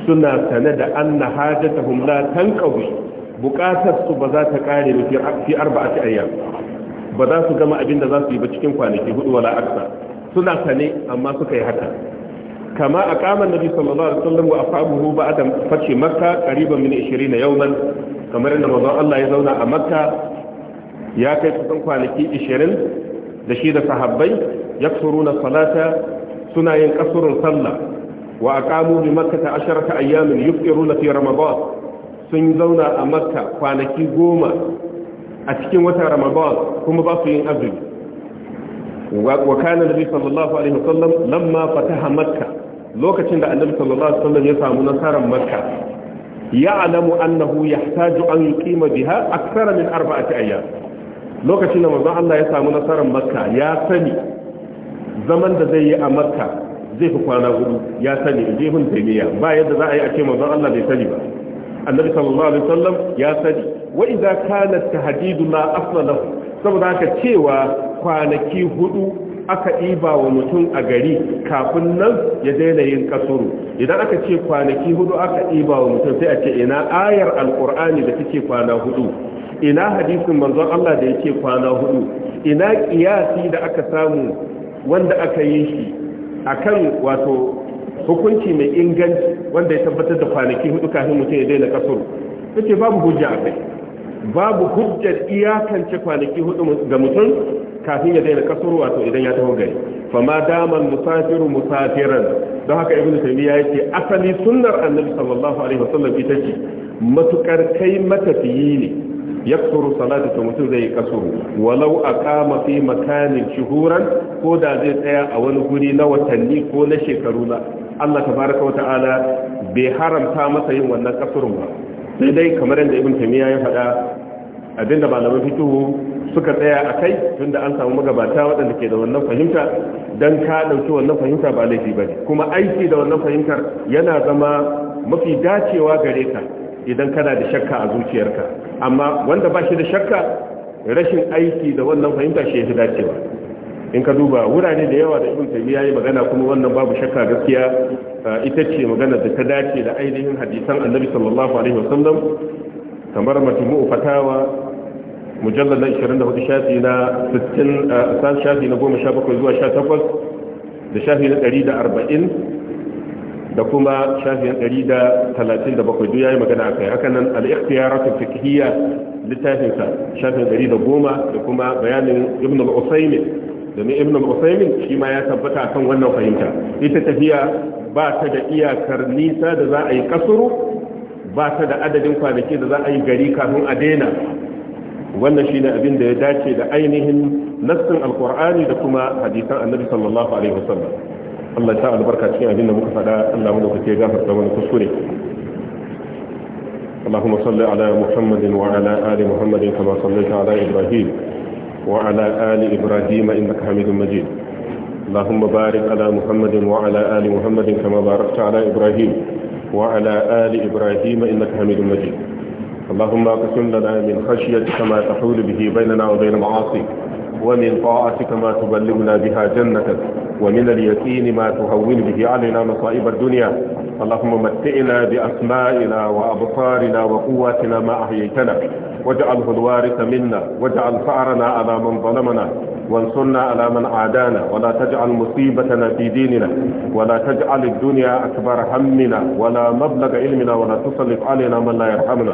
suna sane da anna hajatuhum la tanqawi bukatar su ba za ta kare ba fi arba'ati ayyam ba za su gama abin da za su yi ba cikin kwanaki hudu wala aksa suna sane amma suka yi haka kama a kamar nabi sallallahu alaihi wasallam wa afabuhu ba'da fatshi makka qariban min 20 yawman kamar inda manzon Allah ya zauna a makka ya kai kusan kwanaki 20 da shi da sahabbai yaksuruna salata suna yin kasurun sallah wa aqamu bi makkata sun zauna a makka kwanaki goma a cikin watan ramadan kuma ba su yin azumi wa kana nabi sallallahu alaihi wasallam lamma fataha makka lokacin da annabi sallallahu alaihi wasallam ya samu nasarar makka ya ya'lamu annahu yahtaju an yuqima biha akthara min arba'ati ayyam lokacin da manzon Allah ya samu nasarar makka ya sani zaman da zai yi a makka zai fi kwana hudu ya sani inji hun taymiya ba yadda za a yi a ce manzon Allah bai sani ba annabi sallallahu alaihi wasallam ya sani wa idza kana tahdidu la asla lahu saboda haka cewa kwanaki hudu aka ɗiba wa mutum a gari kafin nan ya daina yin kasuru idan aka ce kwanaki hudu aka ɗiba wa mutum sai a ce ina ayar alkur'ani da take kwana hudu ina hadisin manzon Allah da yake kwana hudu ina kiyasi da aka samu wanda aka yi shi akan wato hukunci mai inganci wanda ya tabbatar da kwanaki hudu kafin mutum ya daina kasuru sai babu hujja a babu hujjar iyakance kwanaki hudu ga mutum kafin ya daina kasuru wato idan ya taho gari fama daman musafiru musafiran don haka Ibn taymiya yake asali sunnar annabi sallallahu alaihi wasallam ita ce matukar kai matafiyi ne yaksuru salatu to mutum zai kasuru walau aqama fi makanin shuhuran ko da zai tsaya a wani guri na watanni ko na shekaru na Allah tabaraka wa ta'ala bai haramta masa yin wannan kasurun ba sai dai kamar yadda Ibn taymiya ya faɗa abinda malaman fituhu suka tsaya a kai tunda an samu magabata waɗanda ke da wannan fahimta don ka ɗauki wannan fahimta ba laifi ba ne kuma aiki da wannan fahimtar yana zama mafi dacewa gare ka idan kana da shakka a zuciyarka amma wanda ba shi da shakka rashin aiki da wannan fahimta shi ya fi dacewa in ka duba wurare da yawa da ibn ya yi magana kuma wannan babu shakka gaskiya uh, ita ce magana da ta dace da ainihin hadisan annabi sallallahu alaihi wasallam kamar matumu fatawa mujallar na 24 shafi na 60 san shafi na 17 zuwa 18 da shafi na 140 da kuma shafi na 137 duk yayi magana a akai haka nan al-ikhtiyaratu fiqhiyya littafin sa shafi na 110 da kuma bayanin ibn al-usaymin domin ibn al-usaymin shi ma ya tabbata akan wannan fahimta ita tafiya ba ta da iyakar nisa da za a yi kasuru ba ta da adadin kwanaki da za a yi gari kafin a daina wannan shine abin da ya dace da ainihin nassin alqur'ani da kuma hadisan annabi sallallahu alaihi wasallam Allah ta albarka cikin abin da muka faɗa Allah mu da gafarta mana kuskure اللهم صل على محمد وعلى آل محمد كما صليت على إبراهيم وعلى آل إبراهيم إنك حميد مجيد اللهم بارك على محمد وعلى آل محمد كما باركت على إبراهيم وعلى آل إبراهيم إنك حميد مجيد اللهم اقسم لنا من خشيتك ما تحول به بيننا وبين معاصيك ومن طاعتك ما تبلغنا بها جنتك ومن اليقين ما تهون به علينا مصائب الدنيا اللهم متئنا بأسمائنا وأبصارنا وقواتنا ما أحييتنا واجعله الوارث منا واجعل فأرنا على من ظلمنا وانصرنا على من عادانا ولا تجعل مصيبتنا في ديننا ولا تجعل الدنيا أكبر همنا ولا مبلغ علمنا ولا تسلط علينا من لا يرحمنا